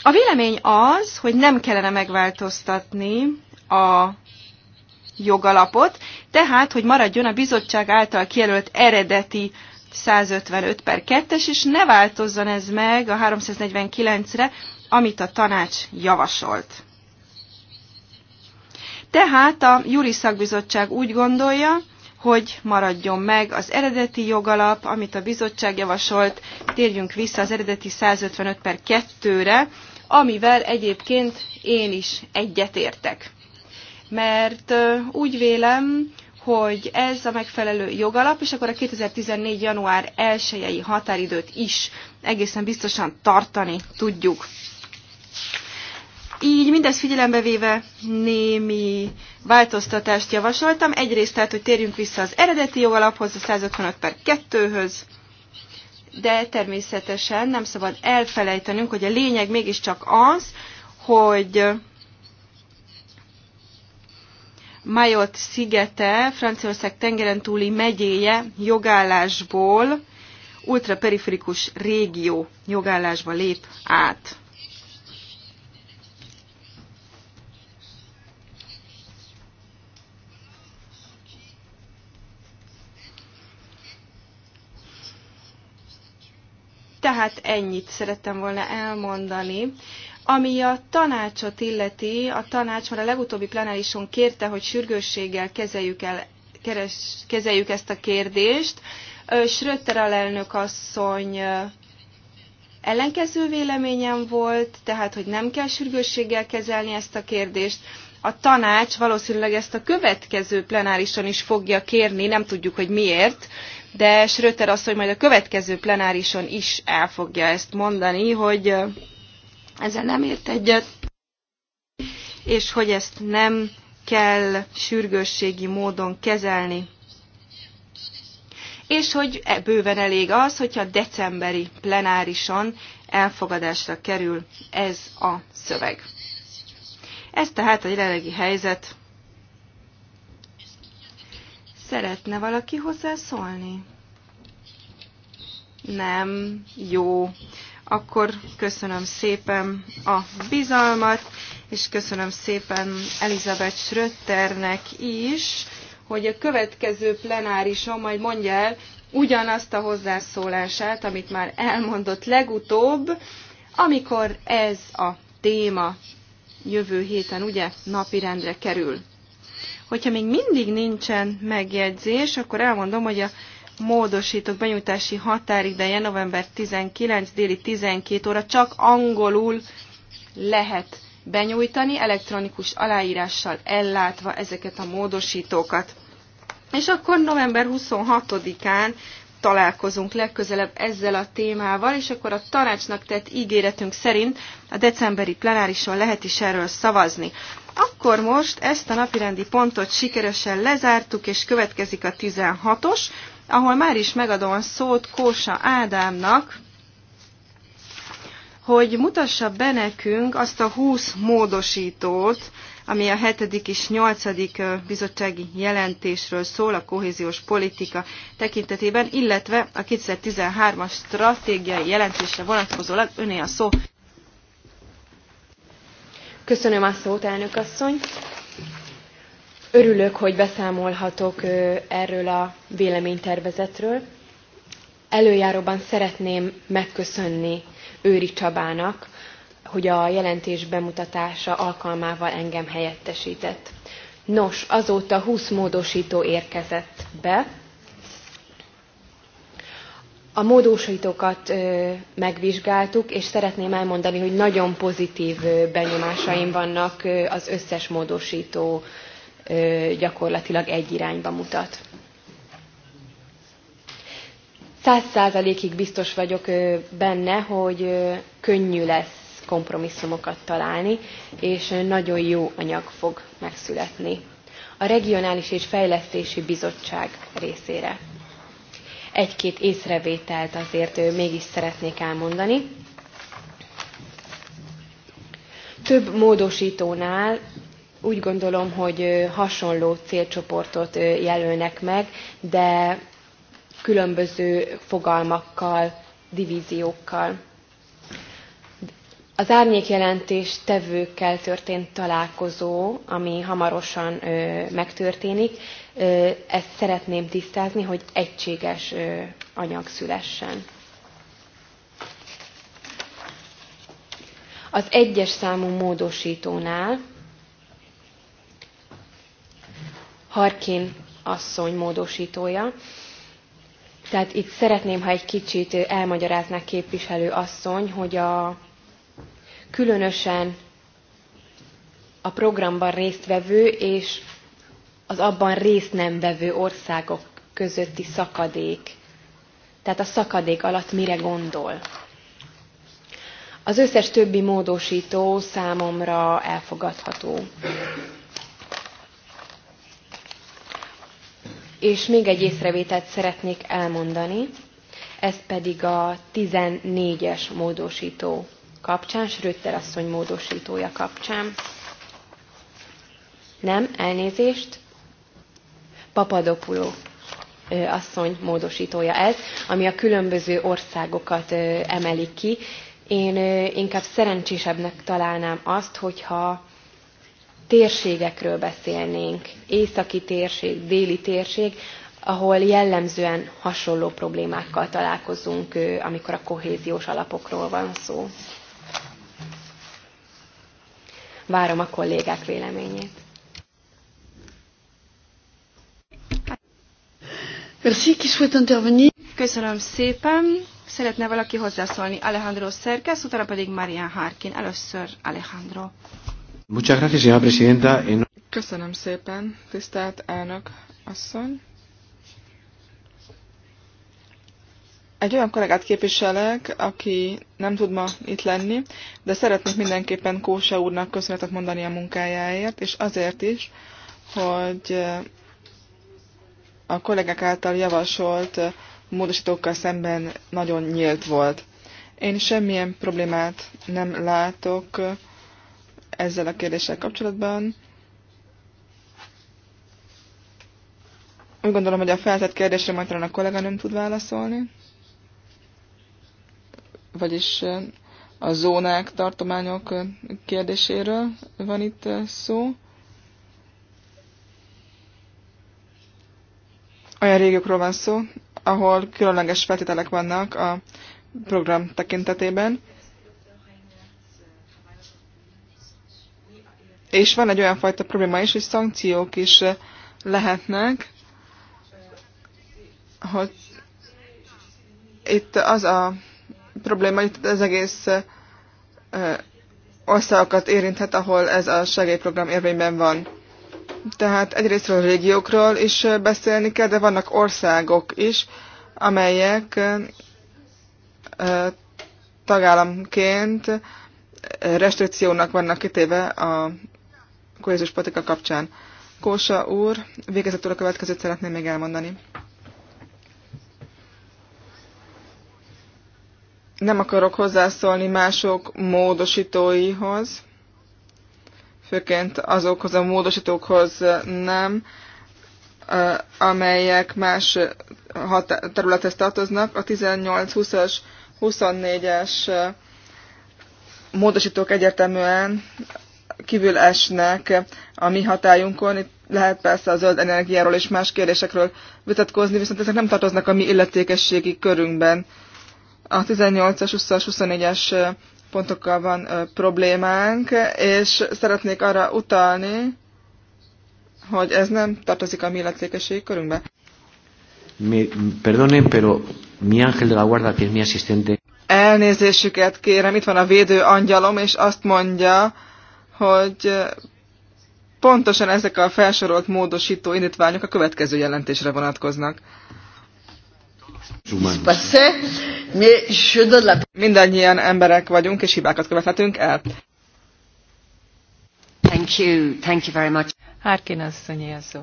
A vélemény az, hogy nem kellene megváltoztatni a jogalapot, tehát, hogy maradjon a bizottság által kijelölt eredeti 155 per 2-es, és ne változzon ez meg a 349-re, amit a tanács javasolt. Tehát a Juri Szakbizottság úgy gondolja, hogy maradjon meg az eredeti jogalap, amit a bizottság javasolt, térjünk vissza az eredeti 155 per 2-re, amivel egyébként én is egyetértek mert úgy vélem, hogy ez a megfelelő jogalap, és akkor a 2014. január 1 határidőt is egészen biztosan tartani tudjuk. Így mindezt figyelembe véve némi változtatást javasoltam. Egyrészt tehát, hogy térjünk vissza az eredeti jogalaphoz, a 155 per 2-höz, de természetesen nem szabad elfelejtenünk, hogy a lényeg mégiscsak az, hogy Majot szigete, Franciaország tengeren túli megyéje jogállásból ultraperiferikus régió jogállásba lép át. Tehát ennyit szerettem volna elmondani. Ami a tanácsot illeti, a tanács már a legutóbbi plenárison kérte, hogy sürgősséggel kezeljük, el, keres, kezeljük ezt a kérdést. Schröter alelnök asszony ellenkező véleményem volt, tehát hogy nem kell sürgősséggel kezelni ezt a kérdést. A tanács valószínűleg ezt a következő plenárison is fogja kérni, nem tudjuk, hogy miért, de Schröter asszony majd a következő plenárison is el fogja ezt mondani, hogy ezzel nem ért egyet, és hogy ezt nem kell sürgősségi módon kezelni. És hogy e- bőven elég az, hogyha decemberi plenárison elfogadásra kerül ez a szöveg. Ez tehát a jelenlegi helyzet. Szeretne valaki hozzászólni? Nem, jó akkor köszönöm szépen a bizalmat, és köszönöm szépen Elizabeth Schrötternek is, hogy a következő plenárison majd mondja el ugyanazt a hozzászólását, amit már elmondott legutóbb, amikor ez a téma jövő héten ugye napirendre kerül. Hogyha még mindig nincsen megjegyzés, akkor elmondom, hogy a módosítók benyújtási határideje november 19 déli 12 óra csak angolul lehet benyújtani, elektronikus aláírással ellátva ezeket a módosítókat. És akkor november 26-án találkozunk legközelebb ezzel a témával, és akkor a tanácsnak tett ígéretünk szerint a decemberi plenárison lehet is erről szavazni. Akkor most ezt a napirendi pontot sikeresen lezártuk, és következik a 16-os, ahol már is megadom a szót Kósa Ádámnak, hogy mutassa be nekünk azt a 20 módosítót, ami a 7. és 8. bizottsági jelentésről szól a kohéziós politika tekintetében, illetve a 2013-as stratégiai jelentésre vonatkozólag öné a szó. Köszönöm a szót, elnök asszony! Örülök, hogy beszámolhatok erről a véleménytervezetről. Előjáróban szeretném megköszönni Őri Csabának, hogy a jelentés bemutatása alkalmával engem helyettesített. Nos, azóta 20 módosító érkezett be. A módosítókat megvizsgáltuk, és szeretném elmondani, hogy nagyon pozitív benyomásaim vannak az összes módosító gyakorlatilag egy irányba mutat. Száz százalékig biztos vagyok benne, hogy könnyű lesz kompromisszumokat találni, és nagyon jó anyag fog megszületni a Regionális és Fejlesztési Bizottság részére. Egy-két észrevételt azért mégis szeretnék elmondani. Több módosítónál úgy gondolom, hogy hasonló célcsoportot jelölnek meg, de különböző fogalmakkal, divíziókkal. Az árnyékjelentés tevőkkel történt találkozó, ami hamarosan ö, megtörténik, ö, ezt szeretném tisztázni, hogy egységes ö, anyag szülessen. Az egyes számú módosítónál Harkin asszony módosítója. Tehát itt szeretném, ha egy kicsit elmagyarázná képviselő asszony, hogy a különösen a programban résztvevő és az abban részt nem vevő országok közötti szakadék. Tehát a szakadék alatt mire gondol? Az összes többi módosító számomra elfogadható. és még egy észrevételt szeretnék elmondani, ez pedig a 14-es módosító kapcsán, Srötter asszony módosítója kapcsán. Nem, elnézést. Papadopuló asszony módosítója ez, ami a különböző országokat emeli ki. Én inkább szerencsésebbnek találnám azt, hogyha térségekről beszélnénk, északi térség, déli térség, ahol jellemzően hasonló problémákkal találkozunk, amikor a kohéziós alapokról van szó. Várom a kollégák véleményét. Köszönöm szépen. Szeretne valaki hozzászólni? Alejandro Szerkesz, utána pedig Marian Harkin. Először Alejandro. Köszönöm szépen, tisztelt elnök asszony. Egy olyan kollégát képviselek, aki nem tud ma itt lenni, de szeretnék mindenképpen Kósa úrnak köszönetet mondani a munkájáért, és azért is, hogy a kollégák által javasolt módosítókkal szemben nagyon nyílt volt. Én semmilyen problémát nem látok ezzel a kérdéssel kapcsolatban. Úgy gondolom, hogy a feltett kérdésre majd talán a kolléganőm tud válaszolni. Vagyis eh, a zónák, tartományok eh, kérdéséről van itt eh, szó. Olyan régiókról van szó, ahol különleges feltételek vannak a program tekintetében. és van egy olyan fajta probléma is, hogy szankciók is eh, lehetnek, hogy itt az a probléma, hogy az egész eh, országokat érinthet, ahol ez a segélyprogram érvényben van. Tehát egyrészt a régiókról is eh, beszélni kell, de vannak országok is, amelyek tagállamként restrikciónak vannak kitéve a kohézus politika kapcsán. Kósa úr, végezetül a következőt szeretném még elmondani. Nem akarok hozzászólni mások módosítóihoz, főként azokhoz a módosítókhoz nem, amelyek más területhez tartoznak. A 18-20-as, 24-es módosítók egyértelműen kívül esnek a mi hatályunkon. Itt lehet persze a zöld energiáról és más kérdésekről vitatkozni, viszont ezek nem tartoznak a mi illetékességi körünkben. A 18-as, 20-as, 24-es pontokkal van problémánk, és szeretnék arra utalni, hogy ez nem tartozik a mi illetékességi körünkbe. Mi, perdone, pero mi ángel de la guarda, que es mi asistente. Elnézésüket kérem, itt van a védő angyalom, és azt mondja, hogy pontosan ezek a felsorolt módosító indítványok a következő jelentésre vonatkoznak. Mindannyian emberek vagyunk, és hibákat követhetünk el. Thank you. Thank you very much. Harkin asszonyi a szó.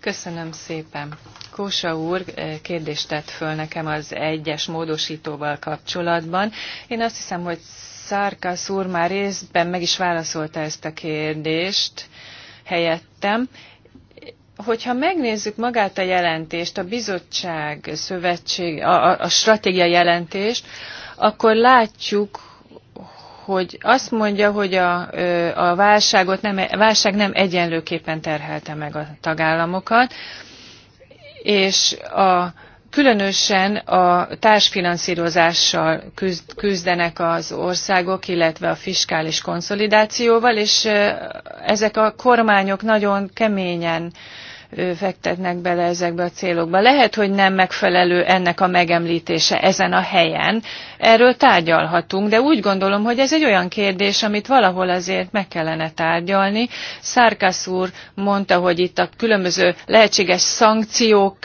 Köszönöm szépen. Kósa úr kérdést tett föl nekem az egyes módosítóval kapcsolatban. Én azt hiszem, hogy Szárkász úr már részben meg is válaszolta ezt a kérdést helyettem. Hogyha megnézzük magát a jelentést, a bizottság szövetség, a, a stratégia jelentést, akkor látjuk, hogy azt mondja, hogy a, a válságot nem, a válság nem egyenlőképpen terhelte meg a tagállamokat, és a Különösen a társfinanszírozással küzdenek az országok, illetve a fiskális konszolidációval, és ezek a kormányok nagyon keményen fektetnek bele ezekbe a célokba. Lehet, hogy nem megfelelő ennek a megemlítése ezen a helyen, erről tárgyalhatunk, de úgy gondolom, hogy ez egy olyan kérdés, amit valahol azért meg kellene tárgyalni. Szárkász úr mondta, hogy itt a különböző lehetséges szankciók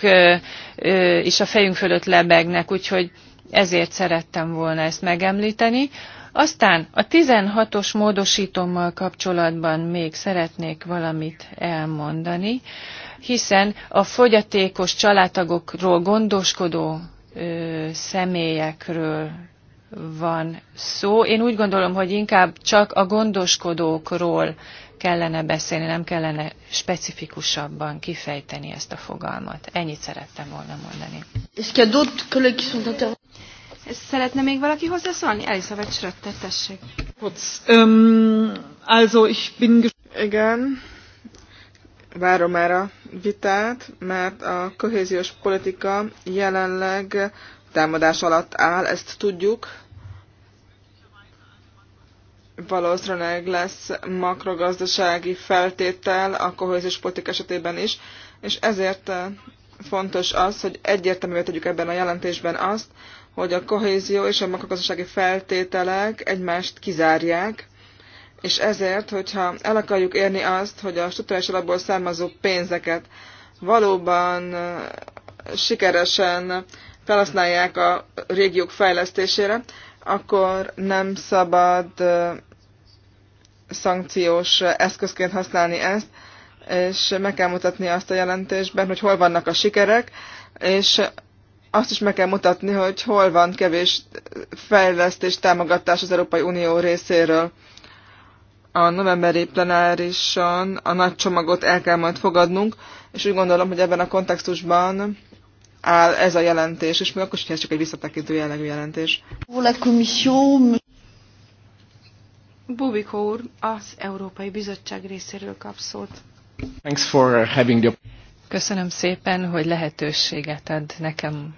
is a fejünk fölött lebegnek, úgyhogy ezért szerettem volna ezt megemlíteni. Aztán a 16-os módosítommal kapcsolatban még szeretnék valamit elmondani hiszen a fogyatékos családtagokról gondoskodó személyekről van szó. Én úgy gondolom, hogy inkább csak a gondoskodókról kellene beszélni, nem kellene specifikusabban kifejteni ezt a fogalmat. Ennyit szerettem volna mondani. Szeretne még valaki hozzászólni? vagy Schröter, tessék. Um, also ich bin... Igen. Várom már a vitát, mert a kohéziós politika jelenleg támadás alatt áll, ezt tudjuk. Valószínűleg lesz makrogazdasági feltétel a kohéziós politika esetében is, és ezért eh, fontos az, hogy egyértelművé tegyük ebben a jelentésben azt, hogy a kohézió és a makrogazdasági feltételek egymást kizárják, és ezért, hogyha el akarjuk érni azt, hogy a struktúrás alapból származó pénzeket valóban sikeresen felhasználják a régiók fejlesztésére, akkor nem szabad szankciós eszközként használni ezt, és meg kell mutatni azt a jelentésben, hogy hol vannak a sikerek, és azt is meg kell mutatni, hogy hol van kevés fejlesztés támogatás az Európai Unió részéről a novemberi plenárison a nagy csomagot el kell majd fogadnunk, és úgy gondolom, hogy ebben a kontextusban áll ez a jelentés, és még akkor is, csak egy visszatekintő jellegű jelentés. Bubikó úr az Európai Bizottság részéről kap szót. Thanks for having the... Köszönöm szépen, hogy lehetőséget ad nekem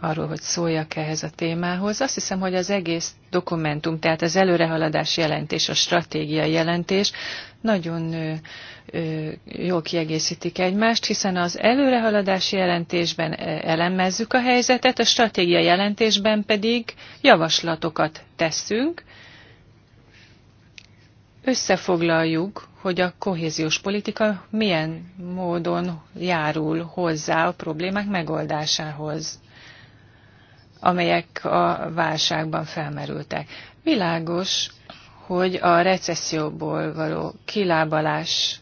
arról, hogy szóljak ehhez a témához. Azt hiszem, hogy az egész dokumentum, tehát az előrehaladás jelentés, a stratégiai jelentés nagyon ö, ö, jól kiegészítik egymást, hiszen az előrehaladási jelentésben elemezzük a helyzetet, a stratégia jelentésben pedig javaslatokat teszünk, összefoglaljuk, hogy a kohéziós politika milyen módon járul hozzá a problémák megoldásához amelyek a válságban felmerültek. Világos, hogy a recesszióból való kilábalás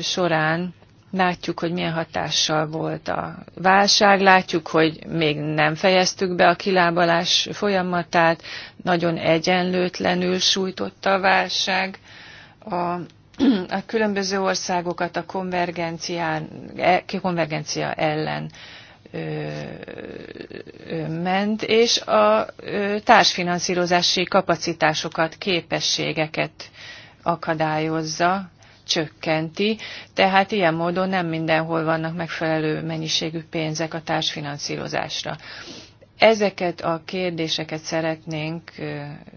során látjuk, hogy milyen hatással volt a válság, látjuk, hogy még nem fejeztük be a kilábalás folyamatát, nagyon egyenlőtlenül sújtotta a válság a, a különböző országokat a e, konvergencia ellen ment, és a társfinanszírozási kapacitásokat, képességeket akadályozza, csökkenti, tehát ilyen módon nem mindenhol vannak megfelelő mennyiségű pénzek a társfinanszírozásra. Ezeket a kérdéseket szeretnénk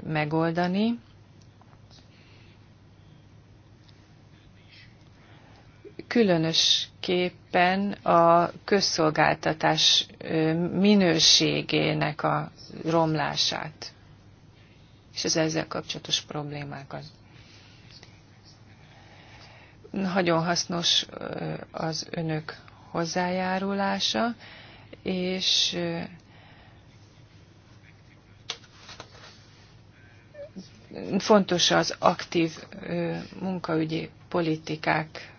megoldani, különösképpen a közszolgáltatás minőségének a romlását és az ezzel kapcsolatos problémákat. Nagyon hasznos az önök hozzájárulása, és fontos az aktív munkaügyi politikák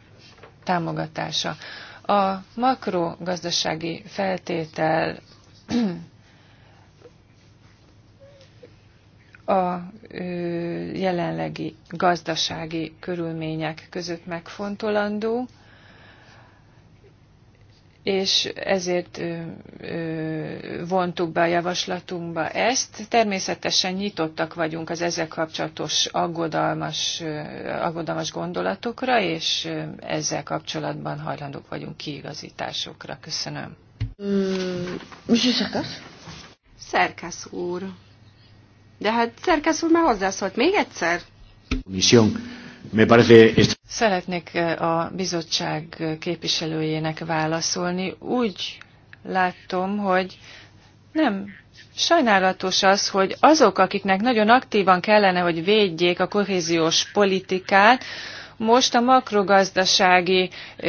támogatása. A makrogazdasági feltétel a jelenlegi gazdasági körülmények között megfontolandó, és ezért vontuk be a javaslatunkba ezt. Természetesen nyitottak vagyunk az ezzel kapcsolatos aggodalmas, aggodalmas gondolatokra, és ezzel kapcsolatban hajlandók vagyunk kiigazításokra. Köszönöm. Mi mm, Szerkász? Szerkesz úr. De hát szerkesz úr már hozzászólt még egyszer. Misión Szeretnék eh, a bizottság képviselőjének válaszolni. Úgy látom, hogy nem Sajnálatos az, hogy azok, akiknek nagyon aktívan kellene, hogy védjék a kohéziós politikát, most a makrogazdasági ö,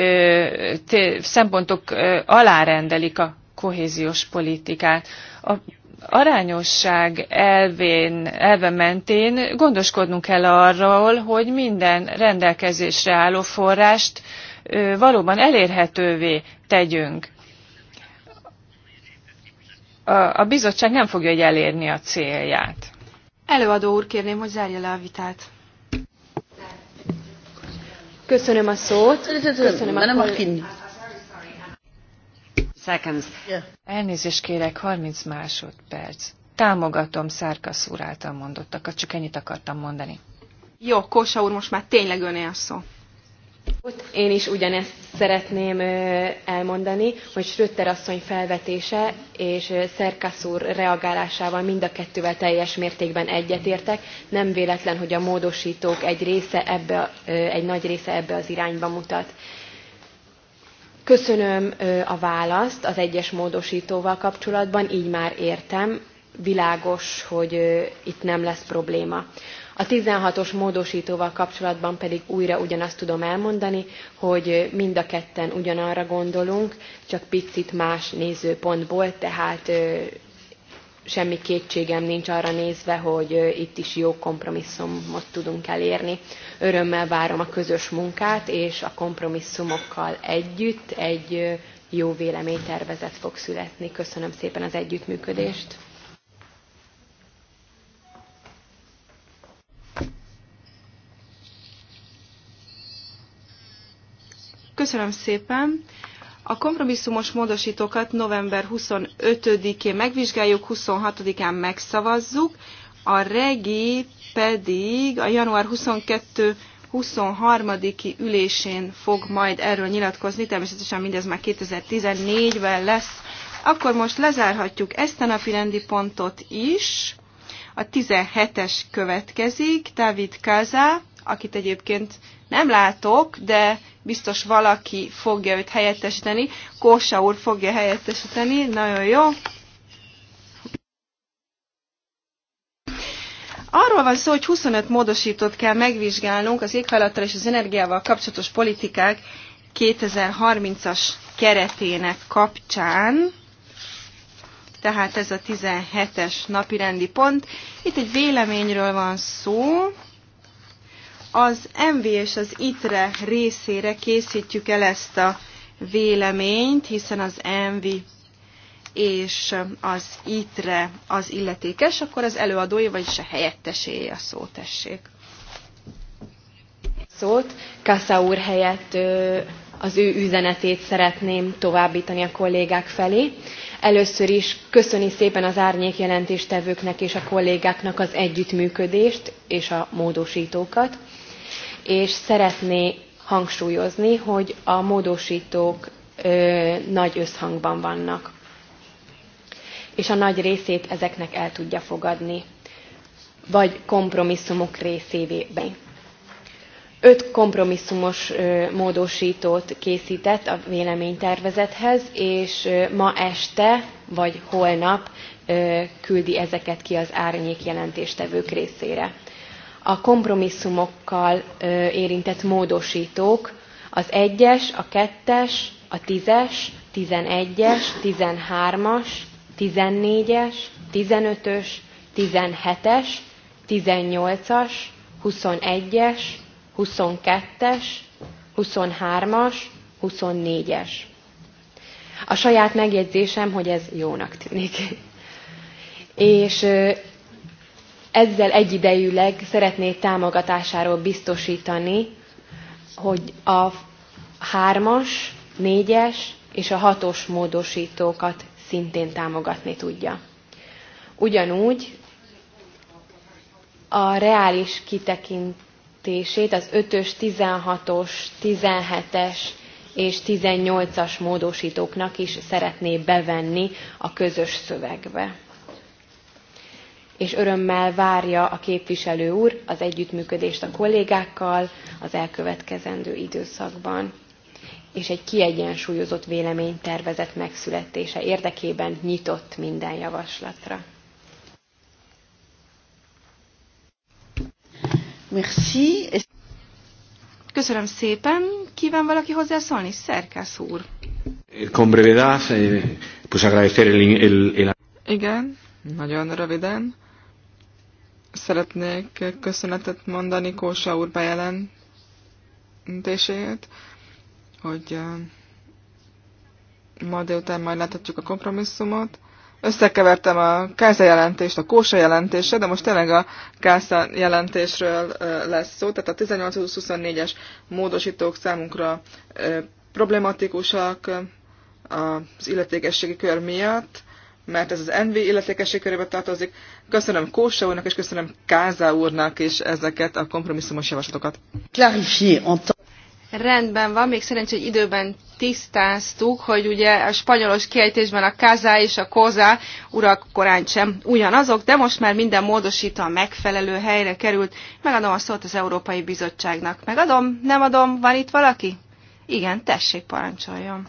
eh, szempontok ö, eh, alárendelik a kohéziós politikát. A arányosság elvén, elve mentén gondoskodnunk kell arról, hogy minden rendelkezésre álló forrást valóban elérhetővé tegyünk. A bizottság nem fogja egy elérni a célját. Előadó úr, kérném, hogy zárja le a vitát. Köszönöm a szót. Köszönöm a, Köszönöm a seconds. Yeah. Elnézést kérek, 30 másodperc. Támogatom Szárkasz úr által mondottakat, csak ennyit akartam mondani. Jó, Kósa úr, most már tényleg öné a szó. Én is ugyanezt szeretném elmondani, hogy Schröter asszony felvetése és Szerkasz úr reagálásával mind a kettővel teljes mértékben egyetértek. Nem véletlen, hogy a módosítók egy része ebbe, egy nagy része ebbe az irányba mutat Köszönöm a választ az egyes módosítóval kapcsolatban, így már értem, világos, hogy itt nem lesz probléma. A 16-os módosítóval kapcsolatban pedig újra ugyanazt tudom elmondani, hogy mind a ketten ugyanarra gondolunk, csak picit más nézőpontból, tehát semmi kétségem nincs arra nézve, hogy itt is jó kompromisszumot tudunk elérni. Örömmel várom a közös munkát, és a kompromisszumokkal együtt egy jó véleménytervezet fog születni. Köszönöm szépen az együttműködést. Köszönöm szépen. A kompromisszumos módosítókat november 25-én megvizsgáljuk, 26-án megszavazzuk, a regi pedig a január 22 23. ülésén fog majd erről nyilatkozni, természetesen mindez már 2014-ben lesz. Akkor most lezárhatjuk ezt a napi rendi pontot is. A 17-es következik, David Kaza, akit egyébként nem látok, de biztos valaki fogja őt helyettesíteni. Kósa úr fogja helyettesíteni, nagyon jó. Arról van szó, hogy 25 módosítót kell megvizsgálnunk az éghajlattal és az energiával kapcsolatos politikák 2030-as keretének kapcsán. Tehát ez a 17-es napirendi pont. Itt egy véleményről van szó az MV és az ITRE részére készítjük el ezt a véleményt, hiszen az MV és az ITRE az illetékes, akkor az előadója, vagyis a helyetteséje a szó, tessék. Szót Kassa úr helyett az ő üzenetét szeretném továbbítani a kollégák felé. Először is köszöni szépen az árnyék jelentéstevőknek és a kollégáknak az együttműködést és a módosítókat és szeretné hangsúlyozni, hogy a módosítók ö, nagy összhangban vannak, és a nagy részét ezeknek el tudja fogadni, vagy kompromisszumok részévé. Öt kompromisszumos ö, módosítót készített a véleménytervezethez, és ö, ma este vagy holnap ö, küldi ezeket ki az árnyék jelentéstevők részére a kompromisszumokkal érintett módosítók, az egyes, es a 2-es, a tízes, es tizenhármas, es tizenötös, as tizennyolcas, es 15-ös, huszonnégyes. es as es es as es A saját megjegyzésem, hogy ez jónak tűnik. És ezzel egyidejűleg szeretné támogatásáról biztosítani, hogy a hármas, négyes és a hatos módosítókat szintén támogatni tudja. Ugyanúgy a reális kitekintését az 5-ös, 16-os, 17-es és 18-as módosítóknak is szeretné bevenni a közös szövegbe és örömmel várja a képviselő úr az együttműködést a kollégákkal az elkövetkezendő időszakban és egy kiegyensúlyozott véleménytervezet megszületése érdekében nyitott minden javaslatra. Merci. Köszönöm szépen. Kíván valaki hozzászólni? Szerkász úr. Con brevedad, eh, pues agradecer el, el, el... Igen, nagyon röviden. Szeretnék köszönetet mondani Kósa úr bejelentéséért, hogy ma délután majd láthatjuk a kompromisszumot. Összekevertem a Kásza jelentést, a Kósa jelentése, de most tényleg a Kásza jelentésről lesz szó, tehát a 18-24-es módosítók számunkra problematikusak az illetékességi kör miatt mert ez az NV illetékesség körébe tartozik. Köszönöm Kósa úrnak, és köszönöm Kázá úrnak is ezeket a kompromisszumos javaslatokat. Rendben van, még szerencsé, hogy időben tisztáztuk, hogy ugye a spanyolos kiejtésben a kazá és a kozá urak korán sem ugyanazok, de most már minden módosítva megfelelő helyre került. Megadom a szót az Európai Bizottságnak. Megadom? Nem adom? Van itt valaki? Igen, tessék, parancsoljon.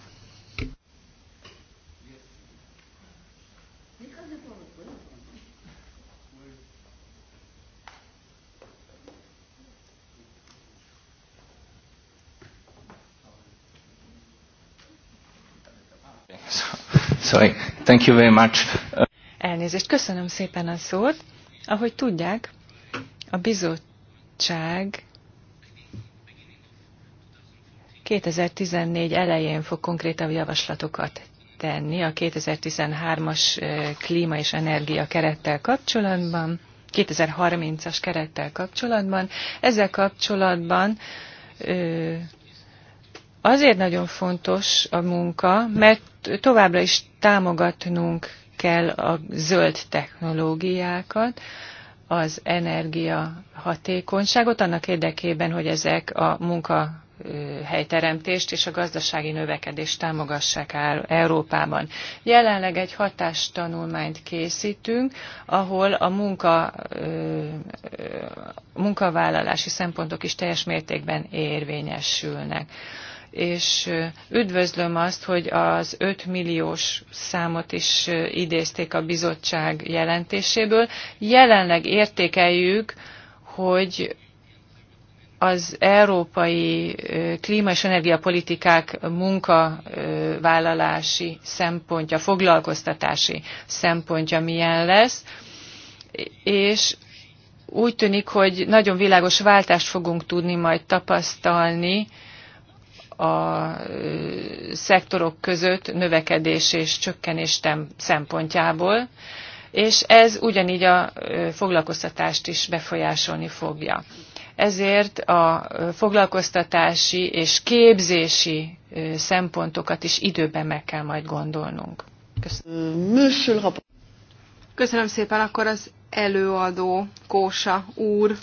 Sorry. Thank you very much. Elnézést, köszönöm szépen a szót. Ahogy tudják, a bizottság 2014 elején fog konkrétabb javaslatokat tenni a 2013-as klíma és energia kerettel kapcsolatban, 2030-as kerettel kapcsolatban. Ezzel kapcsolatban Azért nagyon fontos a munka, mert továbbra is támogatnunk kell a zöld technológiákat, az energia hatékonyságot, annak érdekében, hogy ezek a munkahelyteremtést és a gazdasági növekedést támogassák el Európában. Jelenleg egy hatástanulmányt készítünk, ahol a munka, munkavállalási szempontok is teljes mértékben érvényesülnek és üdvözlöm azt, hogy az 5 milliós számot is idézték a bizottság jelentéséből. Jelenleg értékeljük, hogy az európai klíma és energiapolitikák munkavállalási szempontja, foglalkoztatási szempontja milyen lesz, és úgy tűnik, hogy nagyon világos váltást fogunk tudni majd tapasztalni, a szektorok között növekedés és csökkenés szempontjából, és ez ugyanígy a foglalkoztatást is befolyásolni fogja. Ezért a foglalkoztatási és képzési szempontokat is időben meg kell majd gondolnunk. Köszönöm, Köszönöm szépen, akkor az előadó Kósa úr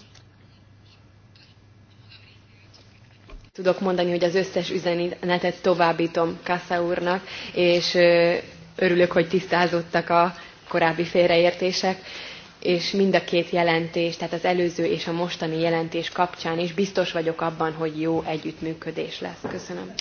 tudok mondani, hogy az összes üzenetet továbbítom Kassa úrnak, és örülök, hogy tisztázottak a korábbi félreértések, és mind a két jelentés, tehát az előző és a mostani jelentés kapcsán is biztos vagyok abban, hogy jó együttműködés lesz. Köszönöm.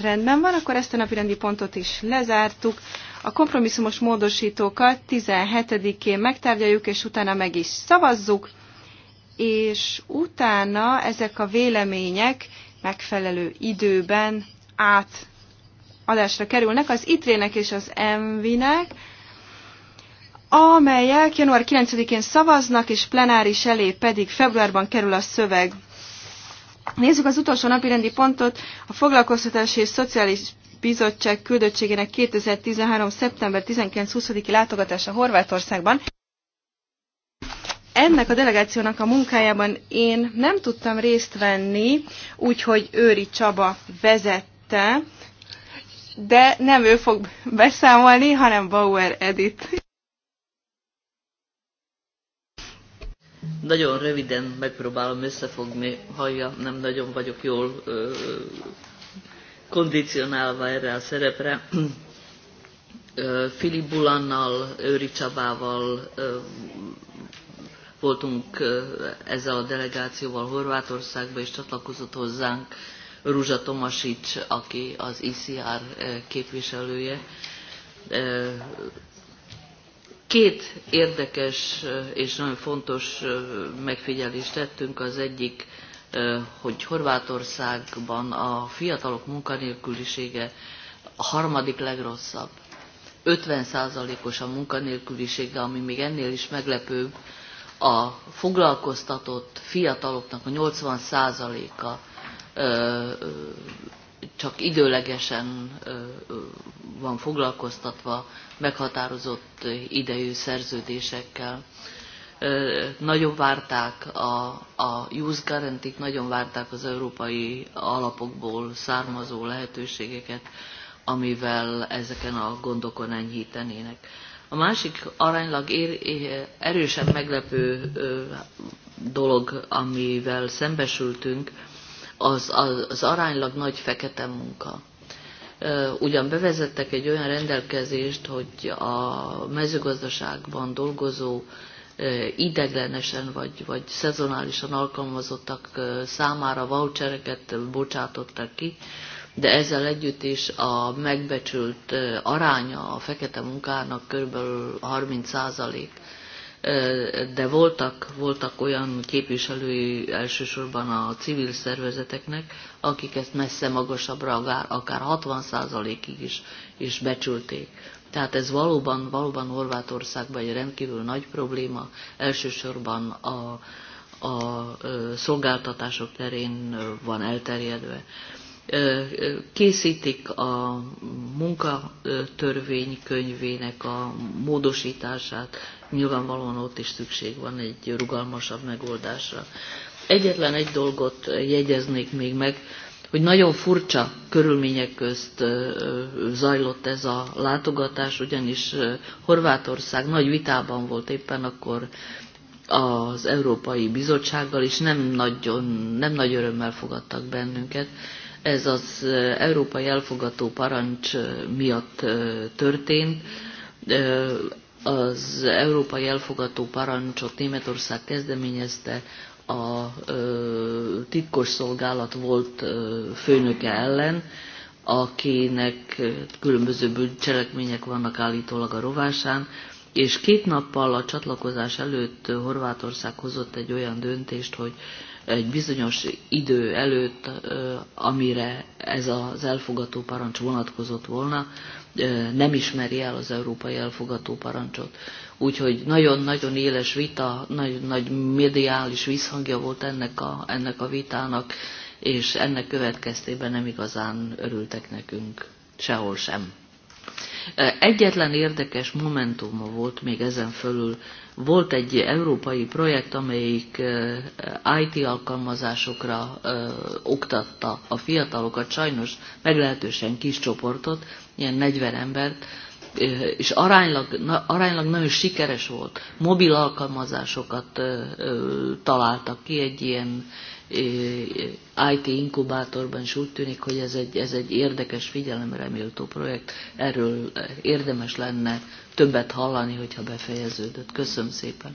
Rendben van, akkor ezt a napirendi pontot is lezártuk. A kompromisszumos módosítókat 17-én megtárgyaljuk, és utána meg is szavazzuk, és utána ezek a vélemények megfelelő időben át adásra kerülnek az ITRÉ-nek és az MV-nek, amelyek január 9-én szavaznak, és plenáris elé pedig februárban kerül a szöveg. Nézzük az utolsó napi rendi pontot, a foglalkoztatási és szociális Bizottság küldöttségének 2013. szeptember 19-20-i látogatása Horvátországban. Ennek a delegációnak a munkájában én nem tudtam részt venni, úgyhogy Őri Csaba vezette, de nem ő fog beszámolni, hanem Bauer Edit. Nagyon röviden megpróbálom összefogni, hallja, nem nagyon vagyok jól ö, kondicionálva erre a szerepre. Filip Bulannal, Őri Csabával voltunk ezzel a delegációval Horvátországban, és csatlakozott hozzánk Ruzsa Tomasics, aki az ICR képviselője. Két érdekes és nagyon fontos megfigyelést tettünk. Az egyik hogy Horvátországban a fiatalok munkanélkülisége a harmadik legrosszabb. 50%-os a munkanélkülisége, ami még ennél is meglepőbb, a foglalkoztatott fiataloknak a 80%-a csak időlegesen van foglalkoztatva meghatározott idejű szerződésekkel nagyon várták a, a Youth Guarantee, nagyon várták az európai alapokból származó lehetőségeket, amivel ezeken a gondokon enyhítenének. A másik aránylag ér, erősen meglepő dolog, amivel szembesültünk, az, az, az aránylag nagy fekete munka. Ugyan bevezettek egy olyan rendelkezést, hogy a mezőgazdaságban dolgozó ideglenesen vagy, vagy szezonálisan alkalmazottak számára vouchereket bocsátottak ki, de ezzel együtt is a megbecsült aránya a fekete munkának kb. 30 százalék. De voltak, voltak olyan képviselői elsősorban a civil szervezeteknek, akik ezt messze magasabbra, akár 60 százalékig is, is becsülték. Tehát ez valóban, valóban Horvátországban egy rendkívül nagy probléma, elsősorban a, a szolgáltatások terén van elterjedve. Készítik a munkatörvénykönyvének a módosítását, nyilvánvalóan ott is szükség van egy rugalmasabb megoldásra. Egyetlen egy dolgot jegyeznék még meg, hogy nagyon furcsa körülmények közt zajlott ez a látogatás, ugyanis Horvátország nagy vitában volt éppen akkor az Európai Bizottsággal, és nem, nagyon, nem nagy örömmel fogadtak bennünket. Ez az Európai Elfogató Parancs miatt történt. Az Európai Elfogató Parancsot Németország kezdeményezte, a ö, szolgálat volt ö, főnöke ellen, akinek különböző bűncselekmények vannak állítólag a rovásán, és két nappal a csatlakozás előtt Horvátország hozott egy olyan döntést, hogy egy bizonyos idő előtt, amire ez az elfogató parancs vonatkozott volna, nem ismeri el az európai elfogató parancsot úgyhogy nagyon-nagyon éles vita, nagyon nagy mediális visszhangja volt ennek a, ennek a vitának, és ennek következtében nem igazán örültek nekünk sehol sem. E, egyetlen érdekes momentuma volt még ezen fölül. Volt egy európai projekt, amelyik e, IT alkalmazásokra e, oktatta a fiatalokat, sajnos meglehetősen kis csoportot, ilyen 40 embert, és aránylag, aránylag nagyon sikeres volt. Mobil alkalmazásokat találtak ki egy ilyen IT inkubátorban, és úgy tűnik, hogy ez egy, ez egy érdekes, figyelemre méltó projekt. Erről érdemes lenne többet hallani, hogyha befejeződött. Köszönöm szépen!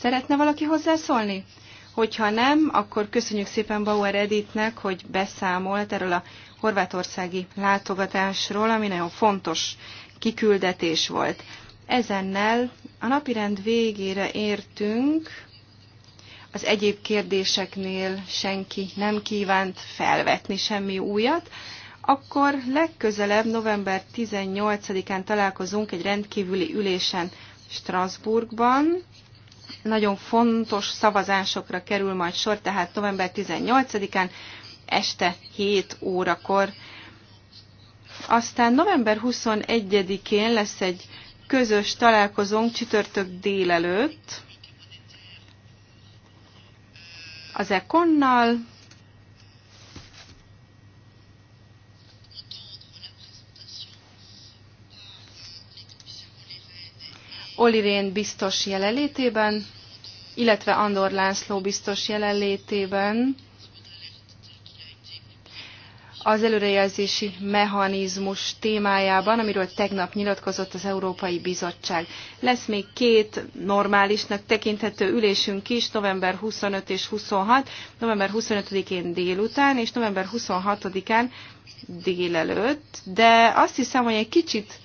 Szeretne valaki hozzászólni? Hogyha nem, akkor köszönjük szépen Bauer Editnek, hogy beszámolt erről a horvátországi látogatásról, ami nagyon fontos kiküldetés volt. Ezennel a napirend végére értünk, az egyéb kérdéseknél senki nem kívánt felvetni semmi újat, akkor legközelebb november 18-án találkozunk egy rendkívüli ülésen Strasbourgban, nagyon fontos szavazásokra kerül majd sor, tehát november 18-án este 7 órakor. Aztán november 21-én lesz egy közös találkozónk csütörtök délelőtt az Ekonnal, Olirén biztos jelenlétében, illetve Andor László biztos jelenlétében az előrejelzési mechanizmus témájában, amiről tegnap nyilatkozott az Európai Bizottság. Lesz még két normálisnak tekinthető ülésünk is, november 25 és 26, november 25-én délután és november 26-án délelőtt, de azt hiszem, hogy egy kicsit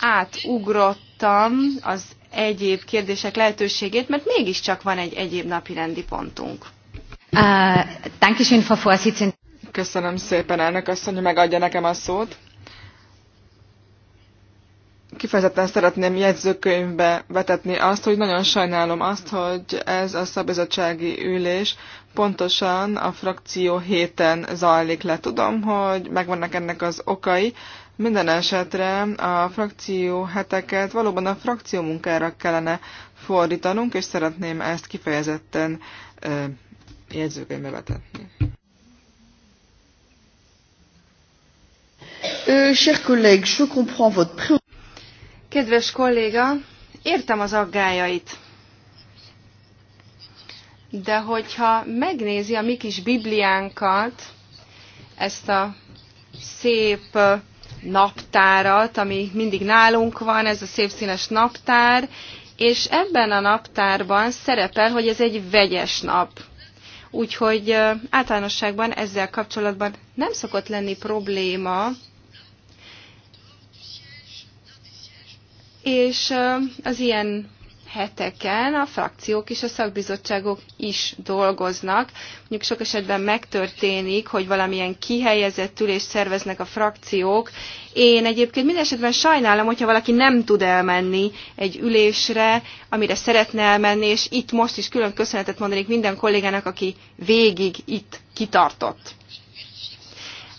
átugrott hagytam az egyéb kérdések lehetőségét, mert mégiscsak van egy egyéb napi rendi pontunk. Köszönöm szépen, elnök asszony, hogy megadja nekem a szót. Kifejezetten szeretném jegyzőkönyvbe vetetni azt, hogy nagyon sajnálom azt, hogy ez a szabizottsági ülés pontosan a frakció héten zajlik le. Tudom, hogy megvannak ennek az okai, minden esetre a frakció heteket valóban a frakció munkára kellene fordítanunk, és szeretném ezt kifejezetten ö, jegyzőkönyvbe vetetni. Kedves kolléga, értem az aggájait. De hogyha megnézi a mi kis Bibliánkat, ezt a szép naptárat, ami mindig nálunk van, ez a szép színes naptár, és ebben a naptárban szerepel, hogy ez egy vegyes nap. Úgyhogy általánosságban ezzel kapcsolatban nem szokott lenni probléma, és az ilyen heteken a frakciók és a szakbizottságok is dolgoznak. Mondjuk sok esetben megtörténik, hogy valamilyen kihelyezett ülést szerveznek a frakciók. Én egyébként minden esetben sajnálom, hogyha valaki nem tud elmenni egy ülésre, amire szeretne elmenni, és itt most is külön köszönetet mondanék minden kollégának, aki végig itt kitartott.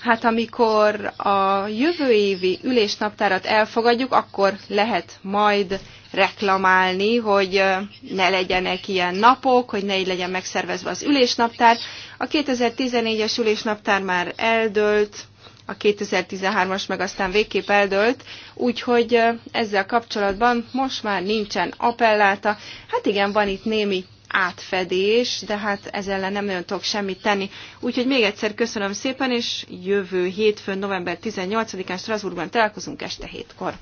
Hát amikor a jövő évi ülésnaptárat elfogadjuk, akkor lehet majd reklamálni, hogy ne legyenek ilyen napok, hogy ne így legyen megszervezve az ülésnaptár. A 2014-es ülésnaptár már eldőlt, a 2013-as meg aztán végképp eldőlt, úgyhogy ezzel kapcsolatban most már nincsen appelláta. Hát igen, van itt némi átfedés, de hát ezzel ellen nem nagyon tudok semmit tenni. Úgyhogy még egyszer köszönöm szépen, és jövő hétfőn, november 18-án Strasbourgban találkozunk este hétkor.